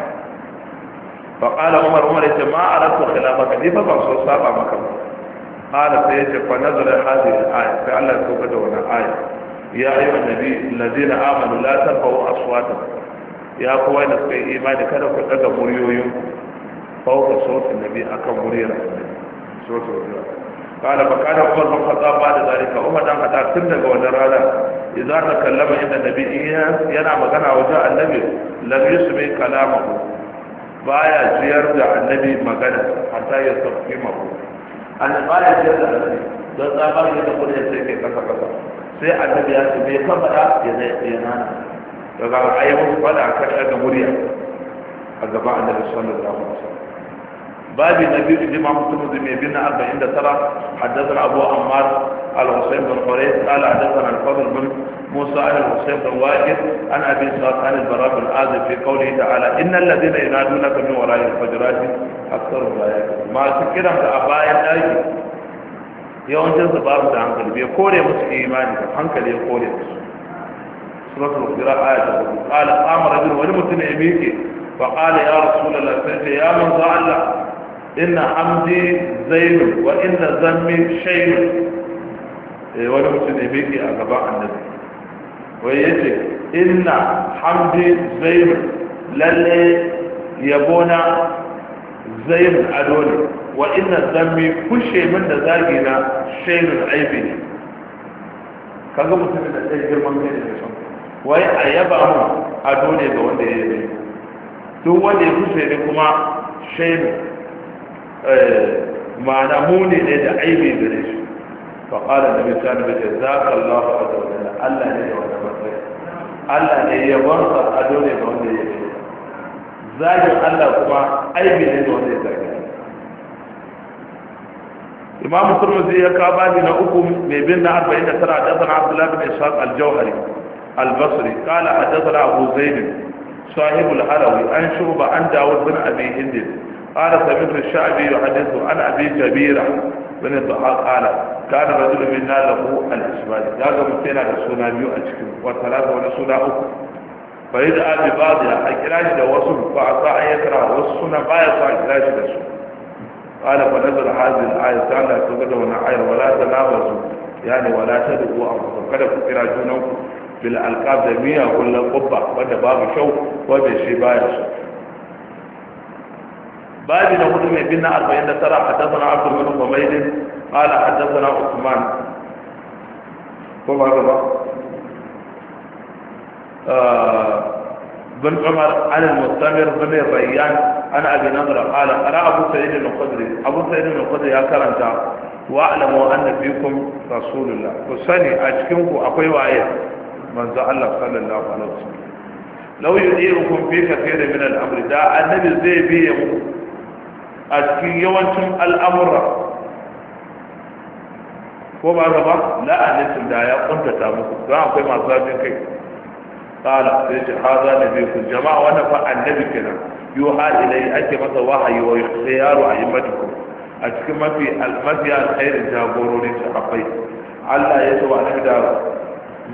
fa qala umar umar yace ma aratu khilafaka ni fa ban so saba maka ba qala sai yace fa nazara hadhihi al-aya sai Allah ya saukar da wannan aya ya ayyuha nabi alladhina amanu la tarfa'u aswatakum ya kowa da suka yi imani kada ku daga muryoyin fauka sautin nabi akan muryar sautin nabi qala fa kana umar bin khattab ba da zalika umar dan khattab tun daga wannan rana إذا تكلم عند نبيه ينع مكان عوجاء النبي لم يسمع كلامه فأي زيار دع النبي مكان حتى يستقيمه أنا فأي زيار دع النبي دوتا قال يتقول يسيك كسا كسا سيء النبي يسمي فبقى ينانا فقال أي أيوه، مصفل عكاك أنا مريع أقبع النبي صلى الله عليه وسلم باب النبي في جمع متمزم بين أربعين ترى حدثنا أبو عمار على حسين بن حريث قال حدثنا الفضل بن موسى على حسين بن واجد عن أبي سعد عن البراء بن عازم في قوله تعالى إن الذين ينادونك من وراء الفجرات أكثر لا ما سكرهم لأبايا الآية يوم جزء بارد عن قلبي يقول يمسك إيماني عن قلبي يقول سورة الخضراء آية قال قام رجل ولم تنعميك فقال يا رسول الله يا من ظل inna hamdi zainu wa inna zammi shainu eh, wani mutum ne biki a gaban annabi wai ya ce inna hamdi zainu lalle yabona zainu ado ne wa inna zammi kushe min da zagi na shainun aibi ne kaga mutum da ɗan girman kai ne shan wai a yaba mu ado ne ga wanda ya yi duk wanda ya kushe ne kuma shainun ما معنموني لدعيبي بريش فقال النبي صلى الله عليه وسلم الله عز وجل ألا لي ونمتك ألا لي ونصر أدوني بوني يشير زاجو ألا كما أي من دوني زاجي إمام الترمذي يقابا لنا أكم من بين حدثنا عبد الله بن إشاق الجوهري البصري قال حدثنا أبو زيد صاحب الحلوي أن شعب أن داود بن أبي هندل قال سمعت الشعبي يحدث عن ابي كبيره بن الضحاك قال كان رجل منا له الاسماء هذا متينا لسنا بيو اشكي وثلاثه ولسنا اخر فيدعى ببعضها اكلاش ده وصل فاعطى ان يكره وصلنا بايع فاكلاش ده قال فنزل هذه الايه تعالى تقدر وانا عير ولا تنابزوا يعني ولا تدعوا انفسكم كذا كثيرا جنوب بالالقاب جميعا كل قبه وده باب شوك وده شيء بايع شوك باب نقول من بنا أربعين ترى حدثنا عبد بن حميد قال حدثنا عثمان ثم رضا آه، بن عمر عن المستمر بن الريان عن ابي نضر قال ارى ابو سعيد بن قدري ابو سعيد بن قدري اكثر انت واعلموا ان فيكم رسول الله وسني اشكمكم اقوي واعي من الله صلى الله عليه وسلم لو يديركم في كثير من الامر دا النبي زي بيه a cikin yawancin al'amura ko ba gaba la'anisun da ya kuntata muku don akwai masu zafin kai kala sai ce za na biyu ku jama'a wannan fa annabi kenan yi wa ilai ake masa wahayi wa sai yaro a yi matukun a cikin mafi almafiya alkhairin jagororin sahabbai Allah ya ce wa annabi da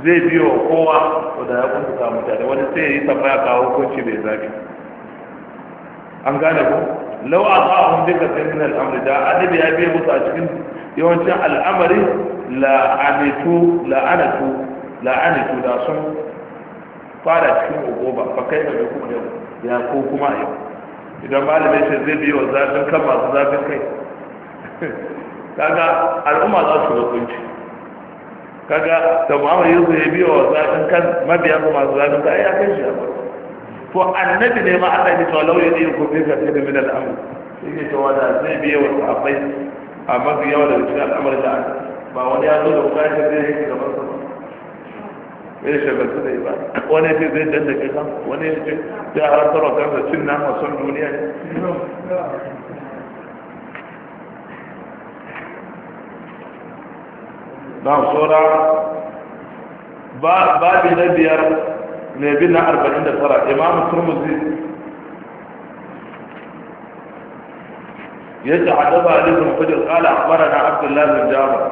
zai biyo kowa wanda ya kuntata mutane wani sai ya yi tambaya kawo hukunci mai zafi an gane ku lau a tsawon duka sai al'amari da annabi ya biya musu a cikin yawancin al'amari la'anitu la'anatu la'anitu da sun fara cikin ugoba ba kai da kuma yau ya ko kuma yau idan malamai ce zai biyo zafin kan masu zafin kai kaga al'umma za su hukunci kaga da mu'amala yanzu ya biyo wa zafin kan mabiya ko masu zafin kai ya kai shi a to annabi ne ma Allah ya ce walau ya ne gobe ka da min al'amr shi ne cewa da zai biye wa sahabbai a mafi yawa daga cikin al'amar da aka ba wani ya zo da bukatar zai yi gaban sa ya shagaltu da ibada wani ce zai danda ke kan wani ya ce zai haramtar wa kansa cin nama son duniya ne ba sora ba bi na biyar نبينا أربع عند الصلاة إمام الترمزي يتعذب عليه الفجر قال أخبرنا عبد الله بن جابر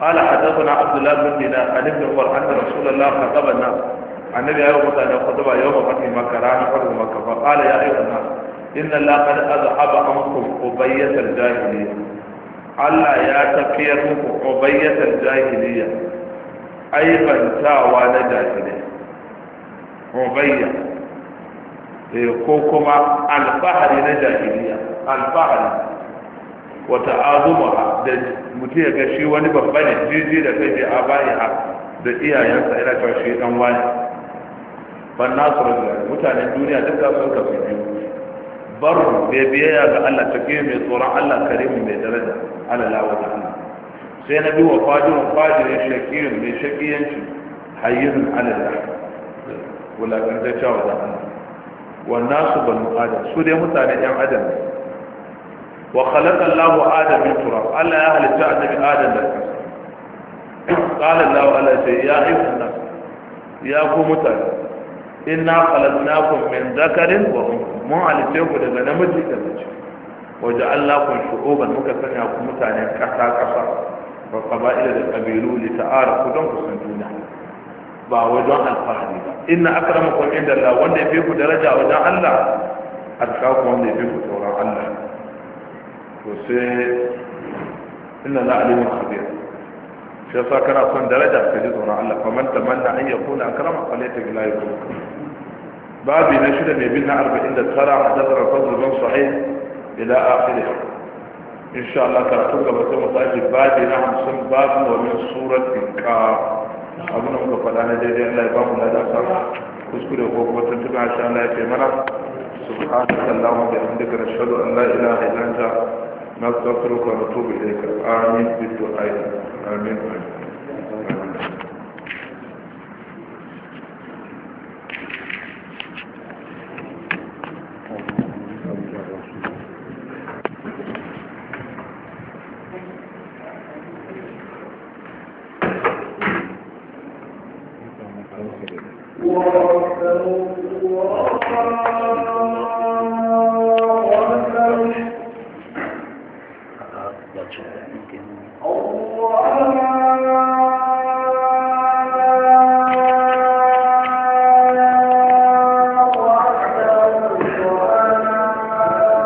قال حدثنا عبد الله بن دينار عن ابن أخبر أن رسول الله خطب الناس عن النبي عليه الصلاة والسلام خطب يوم ما مكة رانا ما مكة قال يا أيها الناس إن الله قد أذهب عنكم قبية الجاهلية ألا يا تقيكم قبية الجاهلية أي من ساوى لجاهلية rubayya eh, ko kuma alfahari na jahiliya alfahari wata azuma da mutum ya ga wani babba ne jiji da kai a bayi da iyayensa yana cewa shi dan wani ban nasu rajulai mutanen duniya duk da sun kafa biyu baru bai biyayya ga Allah ta take mai tsoron Allah karimin mai daraja Allah la wata Allah sai na biyu wa fajirin fajirin shakiyin mai shakiyanci hayyin Allah wulaƙantacciya wa ɗan adam wannan su banu adam su dai mutane ɗan adam ne wa khalaqa Allahu adam min turab Allah ya halitta annabi adam da kansa qala Allahu ala sai ya ayyuhan nas ya ku mutane inna khalaqnakum min dhakarin wa mun halitta ku daga namiji da mace wa ja'alnakum shu'uban muka sanya ku mutane kasa kasa da qabilu li ta'arafu don ku ba wajen alfahari ba inna akramakum inda Allah wanda ya fi ku daraja wajen Allah alkaku wanda ya fi ku tauran Allah to sai inna la alimun khabir shi yasa kana son daraja ka ji tsoron Allah fa man tamanna an yakuna akrama falyata bila yakun babu na shida mai bin na arba'in da tara a hadathar fadl bin sahih ila akhirih insha Allah karatu gaba sai mu tashi babu na 50 babu wa min suratin qaf abu na muka faɗa na daidai Allah ya ba mu na dasa kuskure ko kuma tuntuɓe a sha Allah ya taimara سبحانك اللهم وبحمدك نشهد ان illa اله الا انت نستغفرك ونتوب اليك امين بالدعاء امين, آمين. الله